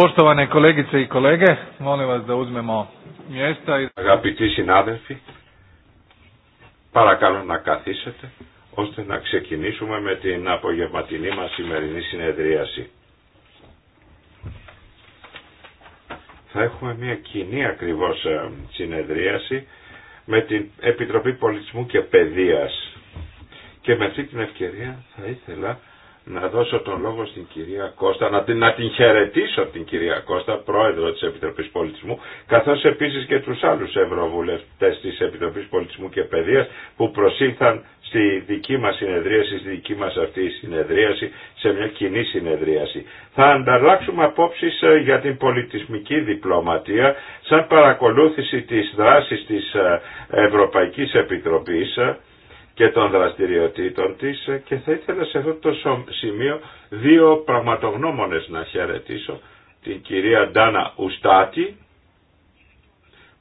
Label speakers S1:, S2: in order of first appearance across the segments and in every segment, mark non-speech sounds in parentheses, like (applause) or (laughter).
S1: Poštovane kolegice i Αγαπητοί συνάδελφοι, παρακαλώ να καθίσετε ώστε να ξεκινήσουμε με την απογευματινή μας σημερινή συνεδρίαση. Θα έχουμε μια κοινή ακριβώς ε, συνεδρίαση με την Επιτροπή Πολιτισμού και Παιδείας. Και με αυτή την ευκαιρία θα ήθελα να δώσω τον λόγο στην κυρία Κώστα, να την, να την χαιρετήσω την κυρία Κώστα, πρόεδρο της Επιτροπής Πολιτισμού, καθώς επίσης και τους άλλους ευρωβουλευτές της Επιτροπής Πολιτισμού και Παιδείας που προσήλθαν στη δική μας συνεδρίαση, στη δική μας αυτή συνεδρίαση, σε μια κοινή συνεδρίαση. Θα ανταλλάξουμε απόψεις ε, για την πολιτισμική διπλωματία σαν παρακολούθηση της δράσης της ε, Ευρωπαϊκής Επιτροπής ε, και των δραστηριοτήτων της και θα ήθελα σε αυτό το σημείο δύο πραγματογνώμονες να χαιρετήσω την κυρία Ντάνα Ουστάτη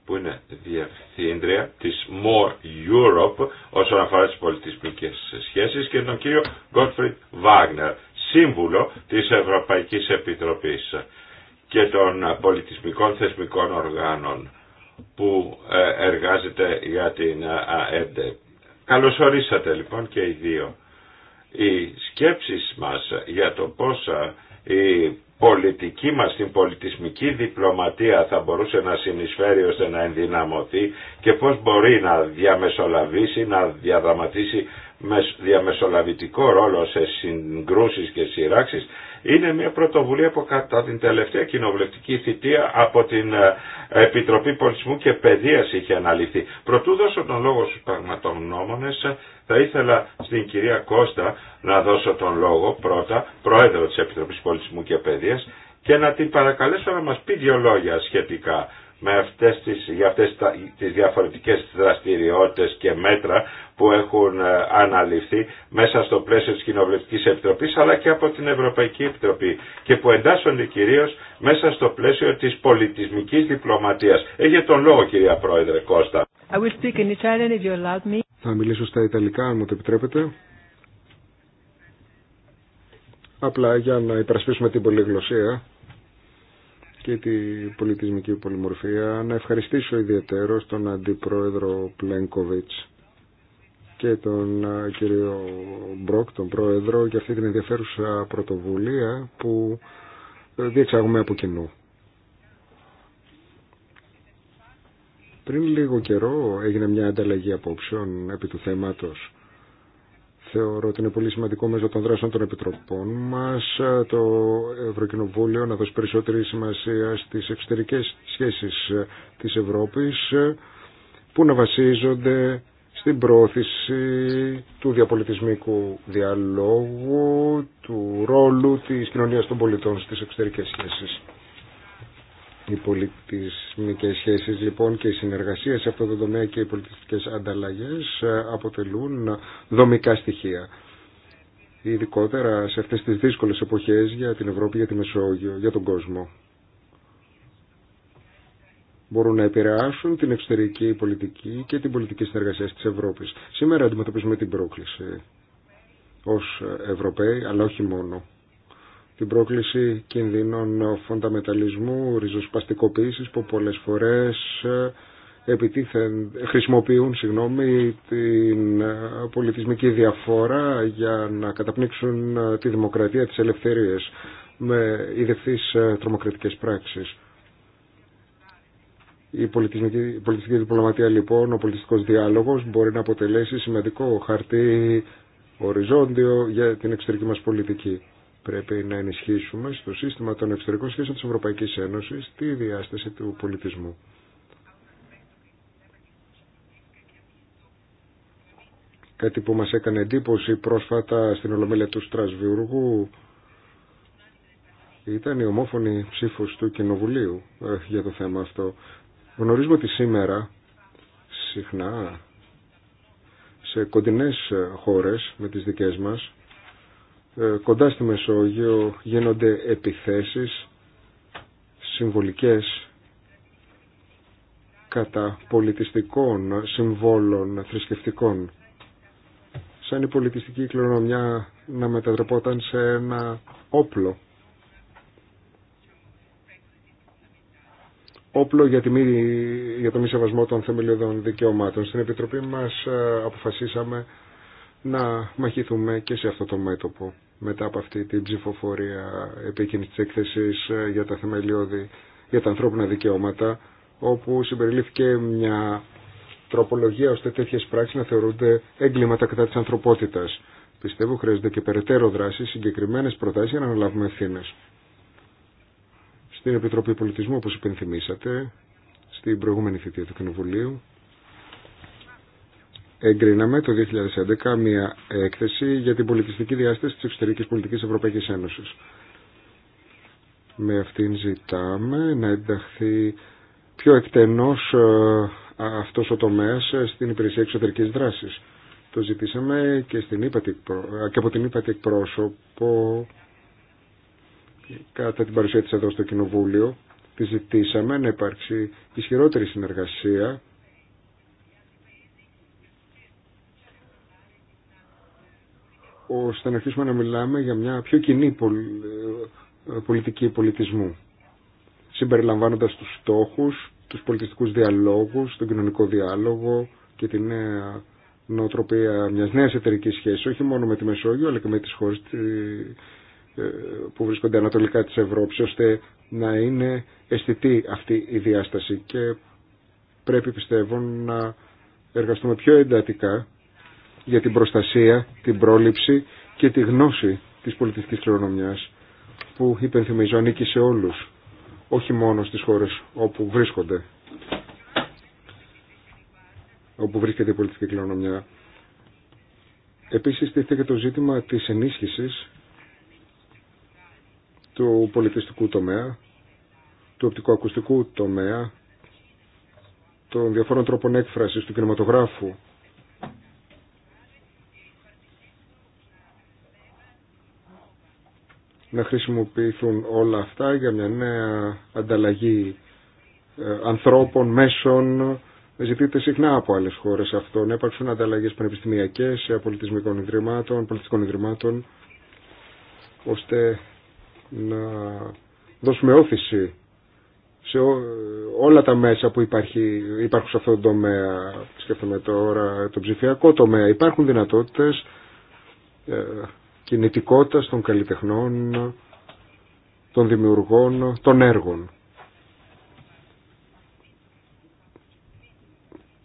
S1: που είναι διευθύντρια της More Europe όσον αφορά τις πολιτισμικές σχέσεις και τον κύριο Γκότφριντ Βάγνερ, σύμβουλο της Ευρωπαϊκής Επιτροπής και των πολιτισμικών θεσμικών οργάνων που ε, εργάζεται για την ΑΕΔΕΠ Καλώς ορίσατε λοιπόν και οι δύο. Οι σκέψεις μας για το πόσα οι. Ε, πολιτική μας, την πολιτισμική διπλωματία θα μπορούσε να συνεισφέρει ώστε να ενδυναμωθεί και πώς μπορεί να διαμεσολαβήσει, να διαδραματίσει διαμεσολαβητικό ρόλο σε συγκρούσεις και σειράξεις είναι μια πρωτοβουλία που κατά την τελευταία κοινοβουλευτική θητεία από την ε, Επιτροπή Πολιτισμού και Παιδείας είχε αναλυθεί. Προτού δώσω τον λόγο στους πραγματογνώμονες θα ήθελα στην κυρία Κώστα να δώσω τον λόγο πρώτα, πρόεδρο της Επιτροπής Πολιτισμού και Παιδείας, και να την παρακαλέσω να μας πει δύο λόγια σχετικά με αυτές τις, για αυτές τις διαφορετικές δραστηριότητες και μέτρα που έχουν ε, αναλυφθεί μέσα στο πλαίσιο της Κοινοβουλευτικής Επιτροπής αλλά και από την Ευρωπαϊκή Επιτροπή και που εντάσσονται κυρίως μέσα στο πλαίσιο της πολιτισμικής διπλωματίας. Έχει τον λόγο κυρία Πρόεδρε Κώστα.
S2: I will speak in Italian if you allow me.
S3: Θα μιλήσω στα Ιταλικά, αν μου το επιτρέπετε. Απλά για να υπερασπίσουμε την πολυγλωσία και την πολιτισμική πολυμορφία. Να ευχαριστήσω ιδιαίτερο τον Αντιπρόεδρο Πλένκοβιτς και τον ε, κύριο Μπρόκ, τον Πρόεδρο, για αυτή την ενδιαφέρουσα πρωτοβουλία που διεξάγουμε από κοινού. Πριν λίγο καιρό έγινε μια ανταλλαγή απόψεων επί του θέματος. Θεωρώ ότι είναι πολύ σημαντικό μέσω των δράσεων των επιτροπών μας το Ευρωκοινοβούλιο να δώσει περισσότερη σημασία στις εξωτερικές σχέσεις της Ευρώπης που να βασίζονται στην πρόθεση του διαπολιτισμικού διαλόγου, του ρόλου της κοινωνίας των πολιτών στις εξωτερικές σχέσεις. Οι πολιτισμικές σχέσεις λοιπόν και η συνεργασία σε αυτό το τομέα και οι πολιτιστικές ανταλλαγές ε, αποτελούν δομικά στοιχεία. Ειδικότερα σε αυτές τις δύσκολες εποχές για την Ευρώπη, για τη Μεσόγειο, για τον κόσμο. Μπορούν να επηρεάσουν την εξωτερική πολιτική και την πολιτική συνεργασία της Ευρώπης. Σήμερα αντιμετωπίζουμε την πρόκληση ως Ευρωπαίοι, αλλά όχι μόνο την πρόκληση κινδύνων φονταμεταλλισμού, ριζοσπαστικοποίησης που πολλές φορές ε, χρησιμοποιούν συγγνώμη, την ε, πολιτισμική διαφορά για να καταπνίξουν ε, τη δημοκρατία, τις ελευθερίες με ιδευθείς τρομοκρατικές πράξεις. Η πολιτισμική, η πολιτιστική διπλωματία λοιπόν, ο πολιτιστικός διάλογος μπορεί να αποτελέσει σημαντικό χαρτί οριζόντιο για την εξωτερική μα πολιτική. Πρέπει να ενισχύσουμε στο σύστημα των εξωτερικών σχέσεων της Ευρωπαϊκής Ένωσης τη διάσταση του πολιτισμού. Κάτι που μας έκανε εντύπωση πρόσφατα στην Ολομέλεια του Στρασβιούργου ήταν η ομόφωνη ψήφος του Κοινοβουλίου ε, για το θέμα αυτό. Γνωρίζουμε ότι σήμερα συχνά σε κοντινές χώρες με τις δικές μας ε, κοντά στη Μεσόγειο γίνονται επιθέσεις συμβολικές κατά πολιτιστικών συμβόλων θρησκευτικών σαν η πολιτιστική κληρονομιά να μετατρεπόταν σε ένα όπλο όπλο για, για το μη σεβασμό των θεμελιωδών δικαιωμάτων. Στην Επιτροπή μας ε, αποφασίσαμε να μαχηθούμε και σε αυτό το μέτωπο μετά από αυτή την ψηφοφορία επί εκείνης της έκθεσης ε, για τα θεμελιώδη, για τα ανθρώπινα δικαιώματα, όπου συμπεριλήφθηκε μια τροπολογία ώστε τέτοιες πράξεις να θεωρούνται έγκληματα κατά της ανθρωπότητας. Πιστεύω χρειάζεται και περαιτέρω δράση, συγκεκριμένες προτάσεις για να αναλάβουμε ευθύνε. Στην Επιτροπή Πολιτισμού, όπως υπενθυμίσατε, στην προηγούμενη θητεία του Κοινοβουλίου, εγκρίναμε το 2011 μια έκθεση για την πολιτιστική διάσταση της εξωτερικής πολιτικής Ευρωπαϊκής Ένωσης. Με αυτήν ζητάμε να ενταχθεί πιο εκτενώς ε, αυτός ο τομέας ε, στην υπηρεσία εξωτερικής δράσης. Το ζητήσαμε και, στην ε, και από την ύπατη εκπρόσωπο κατά την παρουσία της εδώ στο Κοινοβούλιο. Τη ζητήσαμε να υπάρξει ισχυρότερη συνεργασία ώστε να αρχίσουμε να μιλάμε για μια πιο κοινή ε, πολιτική πολιτισμού συμπεριλαμβάνοντας τους στόχους, τους πολιτιστικούς διαλόγους, τον κοινωνικό διάλογο και την νέα νοοτροπία μιας νέας εταιρικής σχέσης, όχι μόνο με τη Μεσόγειο αλλά και με τις χώρες ε, που βρίσκονται ανατολικά της Ευρώπης, ώστε να είναι αισθητή αυτή η διάσταση και πρέπει πιστεύω να εργαστούμε πιο εντατικά για την προστασία, την πρόληψη και τη γνώση της πολιτιστικής κληρονομιάς που υπενθυμίζω ανήκει σε όλους, όχι μόνο στις χώρες όπου βρίσκονται, όπου βρίσκεται η πολιτιστική κληρονομιά. Επίσης τίθεται και το ζήτημα της ενίσχυσης του πολιτιστικού τομέα, του οπτικοακουστικού τομέα, των διαφόρων τρόπων έκφρασης του κινηματογράφου, να χρησιμοποιηθούν όλα αυτά για μια νέα ανταλλαγή ε, ανθρώπων, μέσων. Ζητείται συχνά από άλλες χώρες αυτό, να υπάρξουν ανταλλαγές πανεπιστημιακές, ε, πολιτισμικών ιδρυμάτων, πολιτιστικών ιδρυμάτων, ώστε να δώσουμε όθηση σε όλα τα μέσα που υπάρχει, υπάρχουν σε αυτό το τομέα, σκέφτομαι τώρα το ψηφιακό τομέα, υπάρχουν δυνατότητες ε, κινητικότητας των καλλιτεχνών, των δημιουργών, των έργων.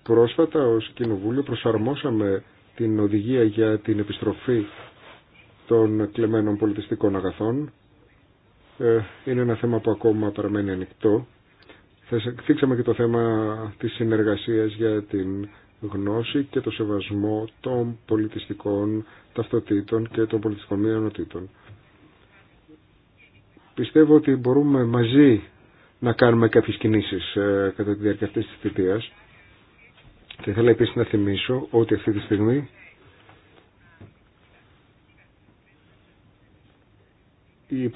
S3: Πρόσφατα ως Κοινοβούλιο προσαρμόσαμε την οδηγία για την επιστροφή των κλεμμένων πολιτιστικών αγαθών. Ε, είναι ένα θέμα που ακόμα παραμένει ανοιχτό. Θίξαμε και το θέμα της συνεργασίας για την γνώση και το σεβασμό των πολιτιστικών ταυτοτήτων και των πολιτιστικών μειονοτήτων. Πιστεύω ότι μπορούμε μαζί να κάνουμε κάποιες κινήσεις ε, κατά τη διάρκεια αυτής της θητείας. Και ήθελα επίσης να θυμίσω ότι αυτή τη στιγμή η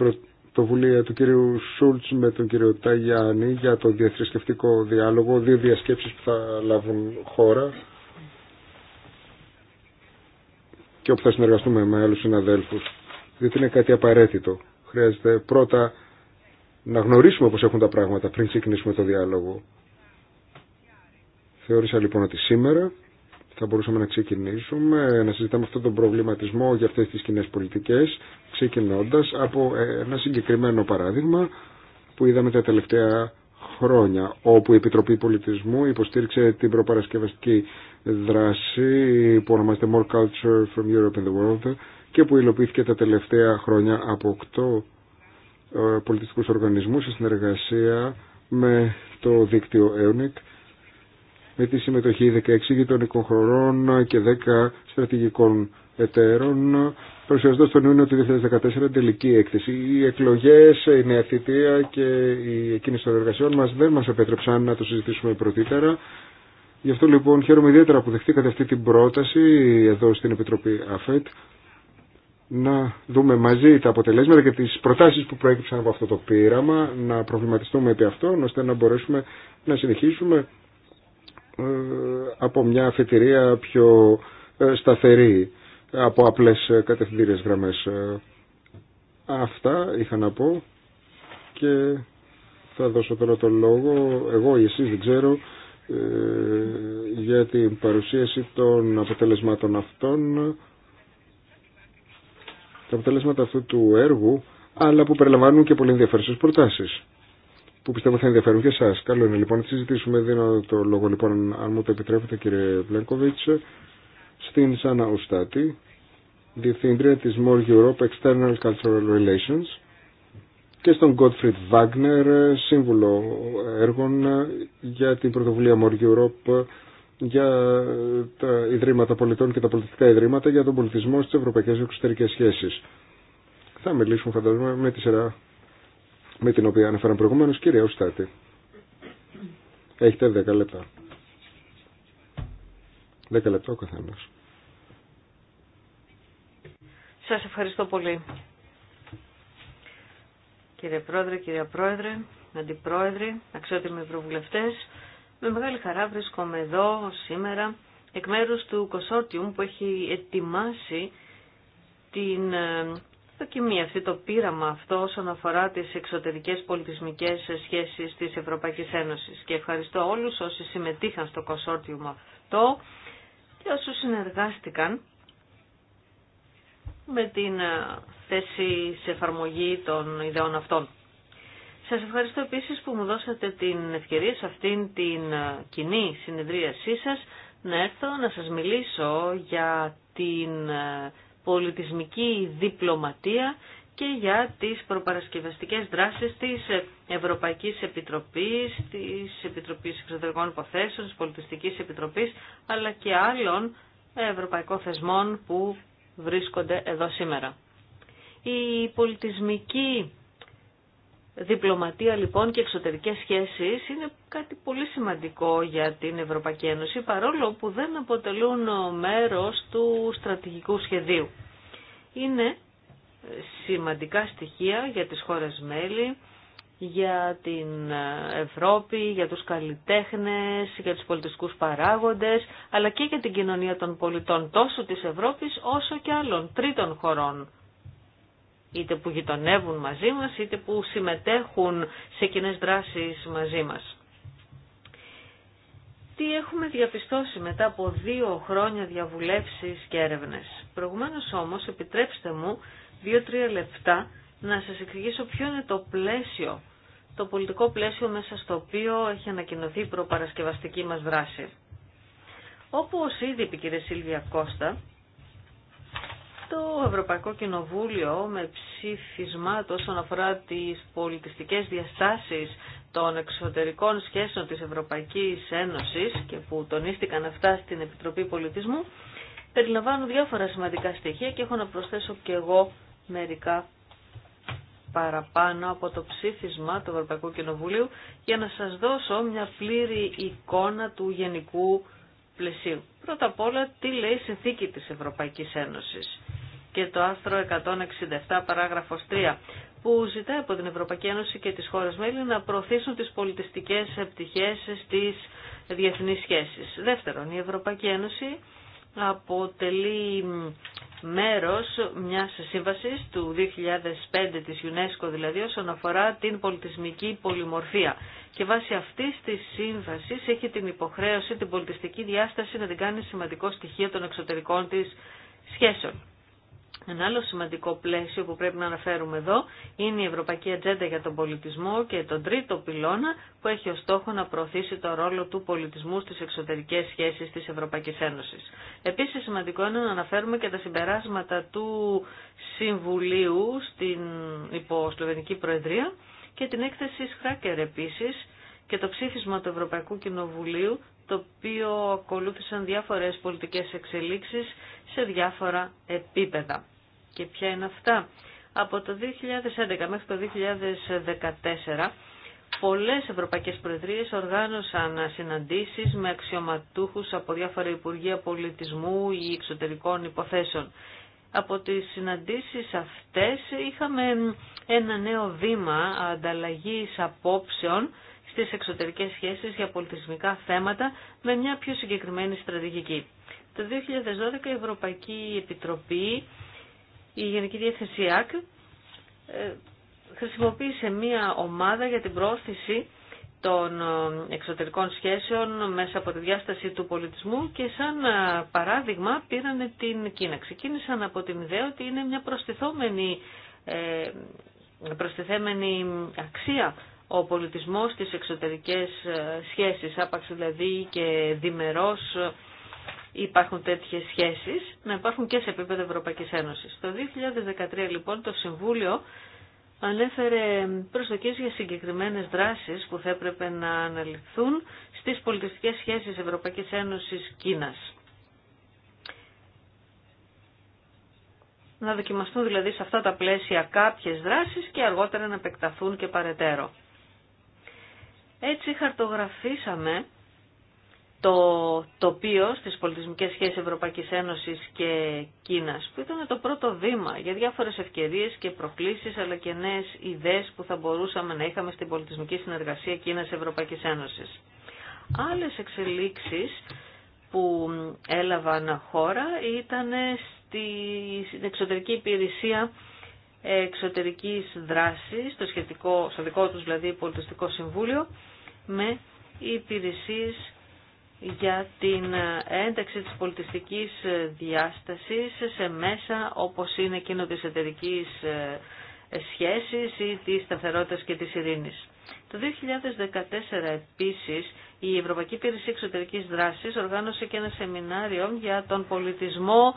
S3: πρωτοβουλία του κύριου Σούλτ με τον κύριο Ταγιάννη για το διαθρησκευτικό διάλογο, δύο διασκέψεις που θα λάβουν χώρα και όπου θα συνεργαστούμε με άλλους συναδέλφους, διότι είναι κάτι απαραίτητο. Χρειάζεται πρώτα να γνωρίσουμε πώς έχουν τα πράγματα πριν ξεκινήσουμε το διάλογο. Θεώρησα λοιπόν ότι σήμερα θα μπορούσαμε να ξεκινήσουμε να συζητάμε αυτόν τον προβληματισμό για αυτές τις κοινέ πολιτικές ξεκινώντας από ε, ένα συγκεκριμένο παράδειγμα που είδαμε τα τελευταία χρόνια όπου η Επιτροπή Πολιτισμού υποστήριξε την προπαρασκευαστική δράση που ονομάζεται More Culture from Europe and the World και που υλοποιήθηκε τα τελευταία χρόνια από οκτώ ε, πολιτιστικούς οργανισμούς σε συνεργασία με το δίκτυο EUNIC με τη συμμετοχή 16 γειτονικών χωρών και 10 στρατηγικών εταίρων. Προσιαστώ στον Ιούνιο του 2014 τελική έκθεση. Οι εκλογέ, η νέα θητεία και η εκκίνηση των εργασιών μα δεν μα επέτρεψαν να το συζητήσουμε πρωτήτερα. Γι' αυτό λοιπόν χαίρομαι ιδιαίτερα που δεχτήκατε αυτή την πρόταση εδώ στην Επιτροπή ΑΦΕΤ να δούμε μαζί τα αποτελέσματα και τις προτάσεις που προέκυψαν από αυτό το πείραμα, να προβληματιστούμε επί αυτών, ώστε να μπορέσουμε να συνεχίσουμε ε, από μια αφετηρία πιο ε, σταθερή από απλές ε, κατευθυντήριες γραμμές. Αυτά είχα να πω και θα δώσω τώρα το λόγο, εγώ ή εσείς δεν ξέρω, για την παρουσίαση των αποτελεσμάτων αυτών. Τα αποτελέσματα αυτού του έργου αλλά που περιλαμβάνουν και πολύ ενδιαφέρουσες προτάσεις που πιστεύω θα ενδιαφέρουν και εσά. Καλό είναι λοιπόν να συζητήσουμε. Δίνω το λόγο λοιπόν, αν μου το επιτρέπετε, κύριε Βλέγκοβιτ, στην Σάνα Ουστάτη, διευθύντρια τη More Europe External Cultural Relations και στον Gottfried Wagner, σύμβουλο έργων για την πρωτοβουλία More Europe για τα Ιδρύματα Πολιτών και τα Πολιτικά Ιδρύματα για τον πολιτισμό στις ευρωπαϊκές εξωτερικές σχέσεις. Θα μιλήσουμε φαντάζομαι με τη σειρά με την οποία αναφέραμε προηγουμένω, κύριε Οστάτη. Έχετε δέκα λεπτά. Δέκα λεπτά ο καθένα.
S2: Σα ευχαριστώ πολύ. Κύριε Πρόεδρε, κυρία Πρόεδρε, Αντιπρόεδρε, αξιότιμοι προβουλευτέ, με μεγάλη χαρά βρίσκομαι εδώ σήμερα εκ μέρους του Κοσότιου που έχει ετοιμάσει την ε, δοκιμή το πείραμα αυτό όσον αφορά τις εξωτερικές πολιτισμικές σχέσεις της Ευρωπαϊκής Ένωσης. Και ευχαριστώ όλους όσοι συμμετείχαν στο κοσόρτιουμα αυτό και όσους συνεργάστηκαν με την ε, θέση σε εφαρμογή των ιδεών αυτών. Σας ευχαριστώ επίσης που μου δώσατε την ευκαιρία σε αυτήν την ε, κοινή συνεδρίασή σας να έρθω να σας μιλήσω για την ε, πολιτισμική διπλωματία και για τις προπαρασκευαστικές δράσεις της Ευρωπαϊκής Επιτροπής, της Επιτροπής Εξωτερικών Υποθέσεων, της Πολιτιστικής Επιτροπής, αλλά και άλλων ευρωπαϊκών θεσμών που βρίσκονται εδώ σήμερα. Η πολιτισμική Διπλωματία λοιπόν και εξωτερικές σχέσεις είναι κάτι πολύ σημαντικό για την Ευρωπαϊκή Ένωση παρόλο που δεν αποτελούν μέρος του στρατηγικού σχεδίου. Είναι ε, σημαντικά στοιχεία για τις χώρες μέλη, για την ε, Ευρώπη, για τους καλλιτέχνες, για τους πολιτιστικούς παράγοντες, αλλά και για την κοινωνία των πολιτών τόσο της Ευρώπης όσο και άλλων τρίτων χωρών είτε που γειτονεύουν μαζί μας, είτε που συμμετέχουν σε κοινέ δράσεις μαζί μας. Τι έχουμε διαπιστώσει μετά από δύο χρόνια διαβουλεύσεις και έρευνες. Προηγουμένως όμως επιτρέψτε μου δύο-τρία λεπτά να σας εξηγήσω ποιο είναι το πλαίσιο, το πολιτικό πλαίσιο μέσα στο οποίο έχει ανακοινωθεί η προπαρασκευαστική μας δράση. Όπως ήδη είπε η κυρία Σίλβια Κώστα, το Ευρωπαϊκό Κοινοβούλιο με ψήφισμα όσον αφορά τις πολιτιστικές διαστάσεις των εξωτερικών σχέσεων της Ευρωπαϊκής Ένωσης και που τονίστηκαν αυτά στην Επιτροπή Πολιτισμού περιλαμβάνουν διάφορα σημαντικά στοιχεία και έχω να προσθέσω και εγώ μερικά παραπάνω από το ψήφισμα του Ευρωπαϊκού Κοινοβουλίου για να σας δώσω μια πλήρη εικόνα του γενικού πλαισίου. Πρώτα απ' όλα τι λέει η συνθήκη της Ευρωπαϊκής Ένωσης και το άρθρο 167 παράγραφος 3 που ζητάει από την Ευρωπαϊκή Ένωση και τις χώρες μέλη να προωθήσουν τις πολιτιστικές επιτυχίες στις διεθνείς σχέσεις. Δεύτερον, η Ευρωπαϊκή Ένωση αποτελεί μέρος μιας σύμβασης του 2005 της UNESCO δηλαδή όσον αφορά την πολιτισμική πολυμορφία και βάσει αυτής της σύμβασης έχει την υποχρέωση την πολιτιστική διάσταση να την κάνει σημαντικό στοιχείο των εξωτερικών της σχέσεων. Ένα άλλο σημαντικό πλαίσιο που πρέπει να αναφέρουμε εδώ είναι η Ευρωπαϊκή Ατζέντα για τον Πολιτισμό και τον τρίτο πυλώνα που έχει ως στόχο να προωθήσει το ρόλο του πολιτισμού στις εξωτερικές σχέσεις της Ευρωπαϊκής Ένωσης. Επίσης σημαντικό είναι να αναφέρουμε και τα συμπεράσματα του Συμβουλίου στην υποσλοβενική Προεδρία και την έκθεση Σχράκερ επίσης και το ψήφισμα του Ευρωπαϊκού Κοινοβουλίου το οποίο ακολούθησαν διάφορες πολιτικές εξελίξεις σε διάφορα επίπεδα και ποια είναι αυτά. Από το 2011 μέχρι το 2014 πολλές ευρωπαϊκές προεδρίες οργάνωσαν συναντήσεις με αξιωματούχους από διάφορα Υπουργεία Πολιτισμού ή Εξωτερικών Υποθέσεων. Από τις συναντήσεις αυτές είχαμε ένα νέο βήμα ανταλλαγής απόψεων στις εξωτερικές σχέσεις για πολιτισμικά θέματα με μια πιο συγκεκριμένη στρατηγική. Το 2012 η Ευρωπαϊκή Επιτροπή η Γενική Διεύθυνση ΙΑΚ ε, χρησιμοποίησε μία ομάδα για την πρόσθεση των ε, εξωτερικών σχέσεων μέσα από τη διάσταση του πολιτισμού και σαν ε, παράδειγμα πήραν την Κίνα. Ξεκίνησαν από την ιδέα ότι είναι μια προστιθόμενη, προστιθέμενη αξία ο πολιτισμός στις εξωτερικές σχέσεις, άπαξ δηλαδή και διμερός υπάρχουν τέτοιες σχέσεις, να υπάρχουν και σε επίπεδο Ευρωπαϊκής Ένωσης. Το 2013 λοιπόν το Συμβούλιο ανέφερε προσδοκίες για συγκεκριμένες δράσεις που θα έπρεπε να αναλυθούν στις πολιτιστικές σχέσεις Ευρωπαϊκής Ένωσης Κίνας. Να δοκιμαστούν δηλαδή σε αυτά τα πλαίσια κάποιες δράσεις και αργότερα να επεκταθούν και παρετέρω. Έτσι χαρτογραφήσαμε το τοπίο στις πολιτισμικές σχέσεις Ευρωπαϊκής Ένωσης και Κίνας, που ήταν το πρώτο βήμα για διάφορες ευκαιρίες και προκλήσεις, αλλά και νέες ιδέες που θα μπορούσαμε να είχαμε στην πολιτισμική συνεργασία Κίνας-Ευρωπαϊκής Ένωσης. Άλλες εξελίξεις που έλαβαν χώρα ήταν στην εξωτερική υπηρεσία εξωτερικής δράσης, στο, σχετικό, δικό τους δηλαδή πολιτιστικό συμβούλιο, με υπηρεσίες για την ένταξη της πολιτιστικής διάστασης σε μέσα όπως είναι εκείνο της εταιρική ε, σχέσης ή της σταθερότητας και της ειρήνης. Το 2014 επίσης η Ευρωπαϊκή Υπηρεσία Εξωτερικής Δράσης οργάνωσε και ένα σεμινάριο για τον πολιτισμό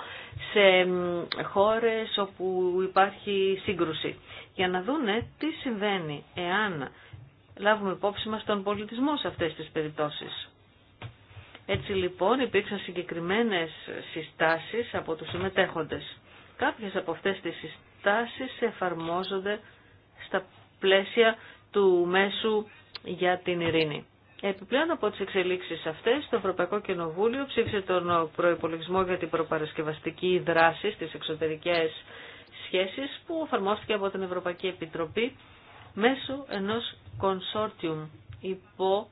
S2: σε χώρες όπου υπάρχει σύγκρουση για να δούνε τι συμβαίνει εάν λάβουμε υπόψη μας τον πολιτισμό σε αυτές τις περιπτώσεις. Έτσι λοιπόν υπήρξαν συγκεκριμένες συστάσεις από τους συμμετέχοντες. Κάποιες από αυτές τις συστάσεις εφαρμόζονται στα πλαίσια του μέσου για την ειρήνη. Επιπλέον από τις εξελίξεις αυτές, το Ευρωπαϊκό Κοινοβούλιο ψήφισε τον προϋπολογισμό για την προπαρασκευαστική δράση στις εξωτερικές σχέσεις που εφαρμόστηκε από την Ευρωπαϊκή Επιτροπή μέσω ενός consortium υπό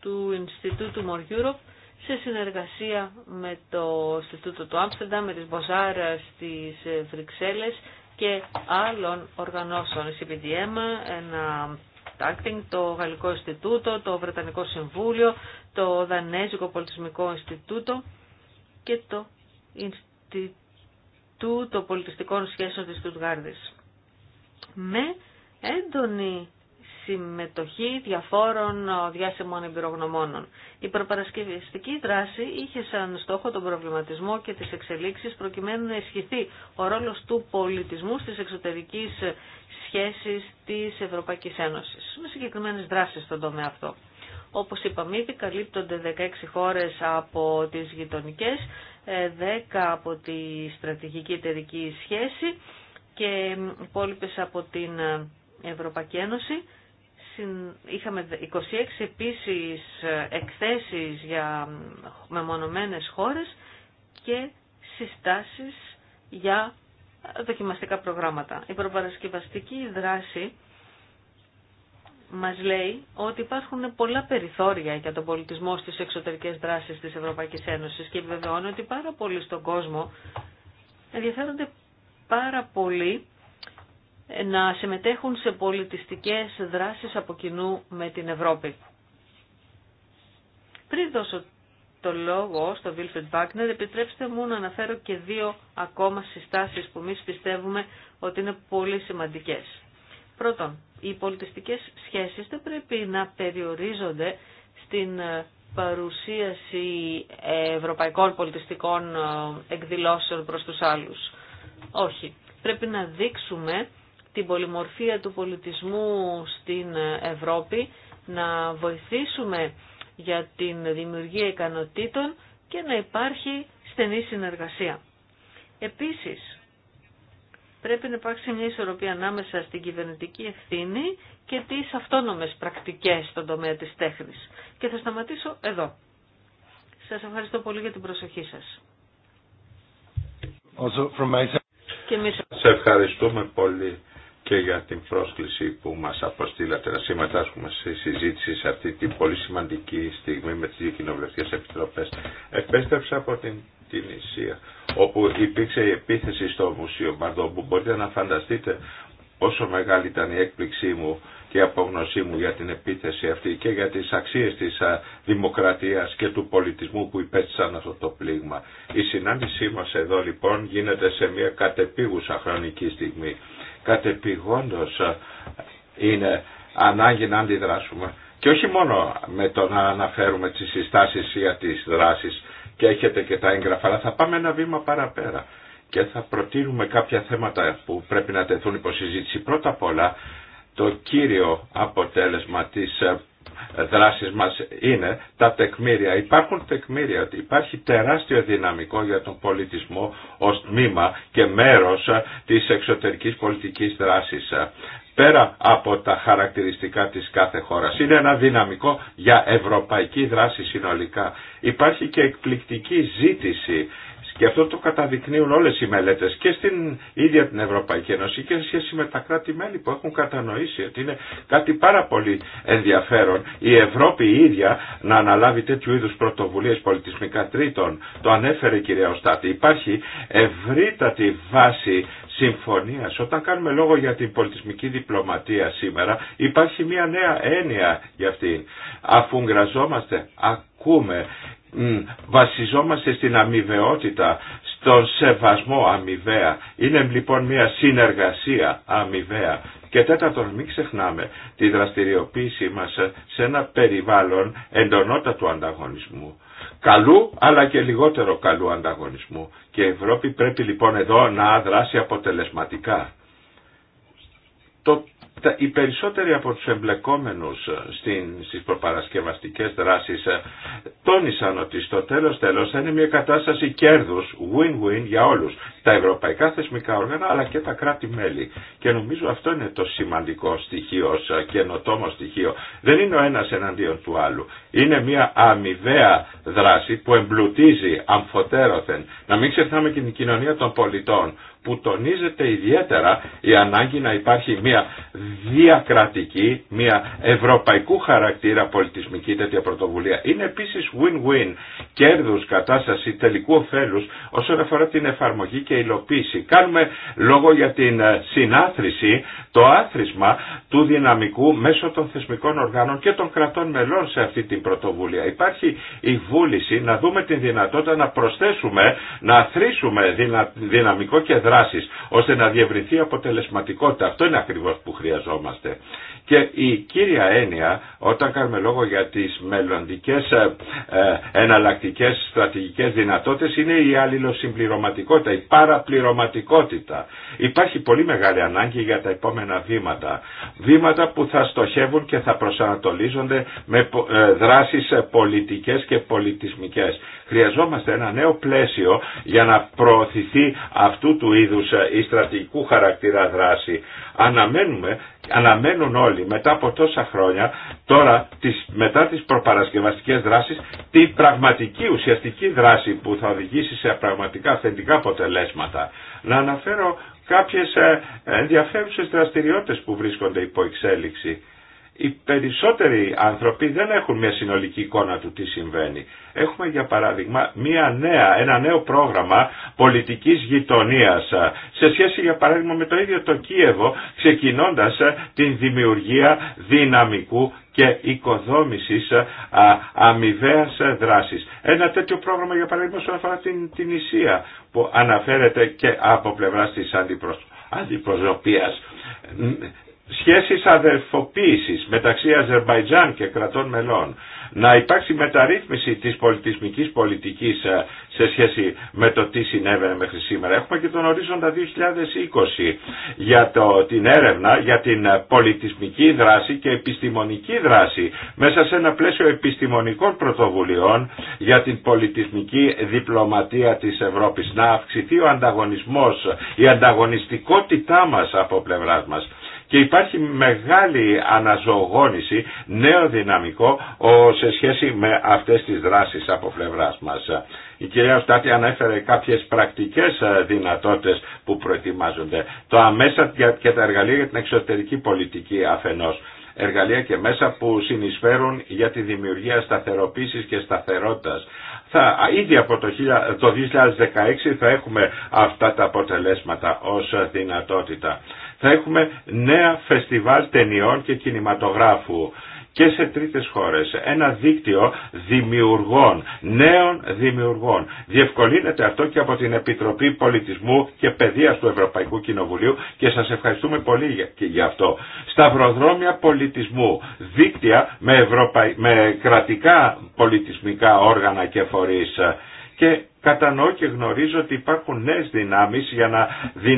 S2: του Ινστιτούτου More Europe σε συνεργασία με το Ινστιτούτο του Άμστερνταμ, με τις Μποζάρα στις Βρυξέλλες και άλλων οργανώσεων. Η CPDM, ένα acting, το Γαλλικό Ινστιτούτο, το Βρετανικό Συμβούλιο, το Δανέζικο Πολιτισμικό Ινστιτούτο και το Ινστιτούτο Πολιτιστικών Σχέσεων της Τουσγάρδης. Με έντονη συμμετοχή διαφόρων ε, διάσημων εμπειρογνωμόνων. Η προπαρασκευαστική δράση είχε σαν στόχο τον προβληματισμό και τις εξελίξεις προκειμένου να ισχυθεί ο ρόλος του πολιτισμού στις εξωτερικές ε, σχέσεις της Ευρωπαϊκής Ένωσης με συγκεκριμένες δράσεις στον τομέα αυτό. Όπως είπαμε ήδη καλύπτονται 16 χώρες από τις γειτονικές, 10 ε, από τη στρατηγική εταιρική σχέση και υπόλοιπε από την Ευρωπαϊκή Ένωση είχαμε 26 επίσης ε, εκθέσεις για μεμονωμένες χώρες και συστάσεις για ε, δοκιμαστικά προγράμματα. Η προπαρασκευαστική δράση μας λέει ότι υπάρχουν πολλά περιθώρια για τον πολιτισμό στις εξωτερικές δράσεις της Ευρωπαϊκής Ένωσης και επιβεβαιώνει ότι πάρα πολλοί στον κόσμο ενδιαφέρονται πάρα πολύ να συμμετέχουν σε πολιτιστικές δράσεις από κοινού με την Ευρώπη. Πριν δώσω το λόγο στο Βίλφιντ Βάκνερ, επιτρέψτε μου να αναφέρω και δύο ακόμα συστάσεις που εμεί πιστεύουμε ότι είναι πολύ σημαντικές. Πρώτον, οι πολιτιστικές σχέσεις δεν πρέπει να περιορίζονται στην ε, παρουσίαση ε, ευρωπαϊκών πολιτιστικών ε, εκδηλώσεων προς τους άλλους. Όχι. Πρέπει να δείξουμε την πολυμορφία του πολιτισμού στην Ευρώπη, να βοηθήσουμε για την δημιουργία ικανοτήτων και να υπάρχει στενή συνεργασία. Επίσης, πρέπει να υπάρξει μια ισορροπία ανάμεσα στην κυβερνητική ευθύνη και τις αυτόνομες πρακτικές στον τομέα της τέχνης. Και θα σταματήσω εδώ. Σας ευχαριστώ πολύ για την προσοχή σας. ευχαριστούμε
S1: πολύ και για την πρόσκληση που μας αποστήλατε να συμμετάσχουμε σε συζήτηση σε αυτή την πολύ σημαντική στιγμή με τις δύο κοινοβουλευτικές επιτροπές. Επέστρεψα από την την Ισία, όπου υπήρξε η επίθεση στο Μουσείο Μπαρδόμπου. Μπορείτε να φανταστείτε πόσο μεγάλη ήταν η έκπληξή μου και η απογνωσή μου για την επίθεση αυτή και για τις αξίες της δημοκρατίας και του πολιτισμού που υπέστησαν αυτό το πλήγμα. Η συνάντησή μας εδώ λοιπόν γίνεται σε μια κατεπίγουσα χρονική στιγμή κατεπηγόντως ε, είναι ανάγκη να αντιδράσουμε. Και όχι μόνο με το να αναφέρουμε τις συστάσεις για τις δράσεις και έχετε και τα έγγραφα, αλλά θα πάμε ένα βήμα παραπέρα και θα προτείνουμε κάποια θέματα που πρέπει να τεθούν υπό συζήτηση. Πρώτα απ' όλα το κύριο αποτέλεσμα της ε, δράσεις μας είναι τα τεκμήρια. Υπάρχουν τεκμήρια ότι υπάρχει τεράστιο δυναμικό για τον πολιτισμό ως τμήμα και μέρος της εξωτερικής πολιτικής δράσης πέρα από τα χαρακτηριστικά της κάθε χώρας. Είναι ένα δυναμικό για ευρωπαϊκή δράση συνολικά. Υπάρχει και εκπληκτική ζήτηση και αυτό το καταδεικνύουν όλες οι μελέτες και στην ίδια την Ευρωπαϊκή Ένωση και σε σχέση με τα κράτη-μέλη που έχουν κατανοήσει ότι είναι κάτι πάρα πολύ ενδιαφέρον η Ευρώπη η ίδια να αναλάβει τέτοιου είδους πρωτοβουλίες πολιτισμικά τρίτων. Το ανέφερε η κυρία Οστάτη. Υπάρχει ευρύτατη βάση συμφωνίας. Όταν κάνουμε λόγο για την πολιτισμική διπλωματία σήμερα υπάρχει μια νέα έννοια για αυτήν. Αφού γραζόμαστε ακούμε βασιζόμαστε στην αμοιβαιότητα, στον σεβασμό αμοιβαία. Είναι λοιπόν μια συνεργασία αμοιβαία. Και τέταρτον, μην ξεχνάμε τη δραστηριοποίησή μας σε ένα περιβάλλον εντονότατου ανταγωνισμού. Καλού αλλά και λιγότερο καλού ανταγωνισμού. Και η Ευρώπη πρέπει λοιπόν εδώ να δράσει αποτελεσματικά. Το οι περισσότεροι από τους εμπλεκόμενους ε, στις προπαρασκευαστικές δράσεις ε, τόνισαν ότι στο τέλος τέλος θα είναι μια κατάσταση κέρδους win-win για όλους τα ευρωπαϊκά θεσμικά όργανα αλλά και τα κράτη-μέλη και νομίζω αυτό είναι το σημαντικό στοιχείο καινοτόμο στοιχείο δεν είναι ο ένας εναντίον του άλλου είναι μια αμοιβαία δράση που εμπλουτίζει αμφωτέρωθεν να μην ξεχνάμε και την κοινωνία των πολιτών που τονίζεται ιδιαίτερα η ανάγκη να υπάρχει μια διακρατική, μια ευρωπαϊκού χαρακτήρα πολιτισμική τέτοια πρωτοβουλία. Είναι επίσης win-win, κέρδους, κατάσταση, τελικού ωφέλους όσον αφορά την εφαρμογή και υλοποίηση. Κάνουμε λόγο για την ε, συνάθρηση, το άθροισμα του δυναμικού μέσω των θεσμικών οργάνων και των κρατών μελών σε αυτή την πρωτοβουλία. Υπάρχει η βούληση να δούμε την δυνατότητα να προσθέσουμε, να αθροίσουμε δυναμικό και ώστε να διευρυνθεί αποτελεσματικότητα. Αυτό είναι ακριβώς που χρειαζόμαστε. Και η κύρια έννοια όταν κάνουμε λόγο για τις μελλοντικές ε, ε, εναλλακτικές στρατηγικές δυνατότητες είναι η αλληλοσυμπληρωματικότητα, η παραπληρωματικότητα. Υπάρχει πολύ μεγάλη ανάγκη για τα επόμενα βήματα. Βήματα που θα στοχεύουν και θα προσανατολίζονται με ε, δράσεις πολιτικές και πολιτισμικές. Χρειαζόμαστε ένα νέο πλαίσιο για να προωθηθεί αυτού του είδους ε, ή στρατηγικού χαρακτήρα δράση. Αναμένουμε, αναμένουν όλοι μετά από τόσα χρόνια, τώρα τις, μετά τις προπαρασκευαστικές δράσεις, την πραγματική ουσιαστική δράση που θα οδηγήσει σε πραγματικά αυθεντικά αποτελέσματα. Να αναφέρω κάποιες ε, ενδιαφέρουσες δραστηριότητες που βρίσκονται υπό εξέλιξη οι περισσότεροι άνθρωποι δεν έχουν μια συνολική εικόνα του τι συμβαίνει. Έχουμε για παράδειγμα μια νέα, ένα νέο πρόγραμμα πολιτικής γειτονίας ε, σε σχέση για παράδειγμα με το ίδιο το Κίεβο ξεκινώντας ε, την δημιουργία δυναμικού και οικοδόμησης ε, αμοιβαία δράσης. Ένα τέτοιο πρόγραμμα για παράδειγμα όσον αφορά την, Ισία που αναφέρεται και από πλευράς της αντιπροσωπείας σχέσεις αδερφοποίησης μεταξύ Αζερβαϊτζάν και κρατών μελών να υπάρξει μεταρρύθμιση της πολιτισμικής πολιτικής ε, σε σχέση με το τι συνέβαινε μέχρι σήμερα. Έχουμε και τον ορίζοντα 2020 για το, την έρευνα, για την ε, πολιτισμική δράση και επιστημονική δράση μέσα σε ένα πλαίσιο επιστημονικών πρωτοβουλειών για την πολιτισμική διπλωματία της Ευρώπης. Να αυξηθεί ο ανταγωνισμός, η ανταγωνιστικότητά μας από πλευρά μας και υπάρχει μεγάλη αναζωογόνηση, νέο δυναμικό σε σχέση με αυτές τις δράσεις από πλευράς μας. Η κυρία Στάτη ανέφερε κάποιες πρακτικές ε, δυνατότητες που προετοιμάζονται. Το αμέσα και τα εργαλεία για την εξωτερική πολιτική αφενός εργαλεία και μέσα που συνεισφέρουν για τη δημιουργία σταθεροποίησης και σταθερότητας. Θα, ήδη από το, το 2016 θα έχουμε αυτά τα αποτελέσματα ως δυνατότητα. Θα έχουμε νέα φεστιβάλ ταινιών και κινηματογράφου και σε τρίτες χώρες. Ένα δίκτυο δημιουργών, νέων δημιουργών. Διευκολύνεται αυτό και από την Επιτροπή Πολιτισμού και Παιδείας του Ευρωπαϊκού Κοινοβουλίου και σας ευχαριστούμε πολύ και για αυτό. Σταυροδρόμια πολιτισμού, δίκτυα με, με κρατικά πολιτισμικά όργανα και φορείς και κατανοώ και γνωρίζω ότι υπάρχουν νέες δυνάμεις για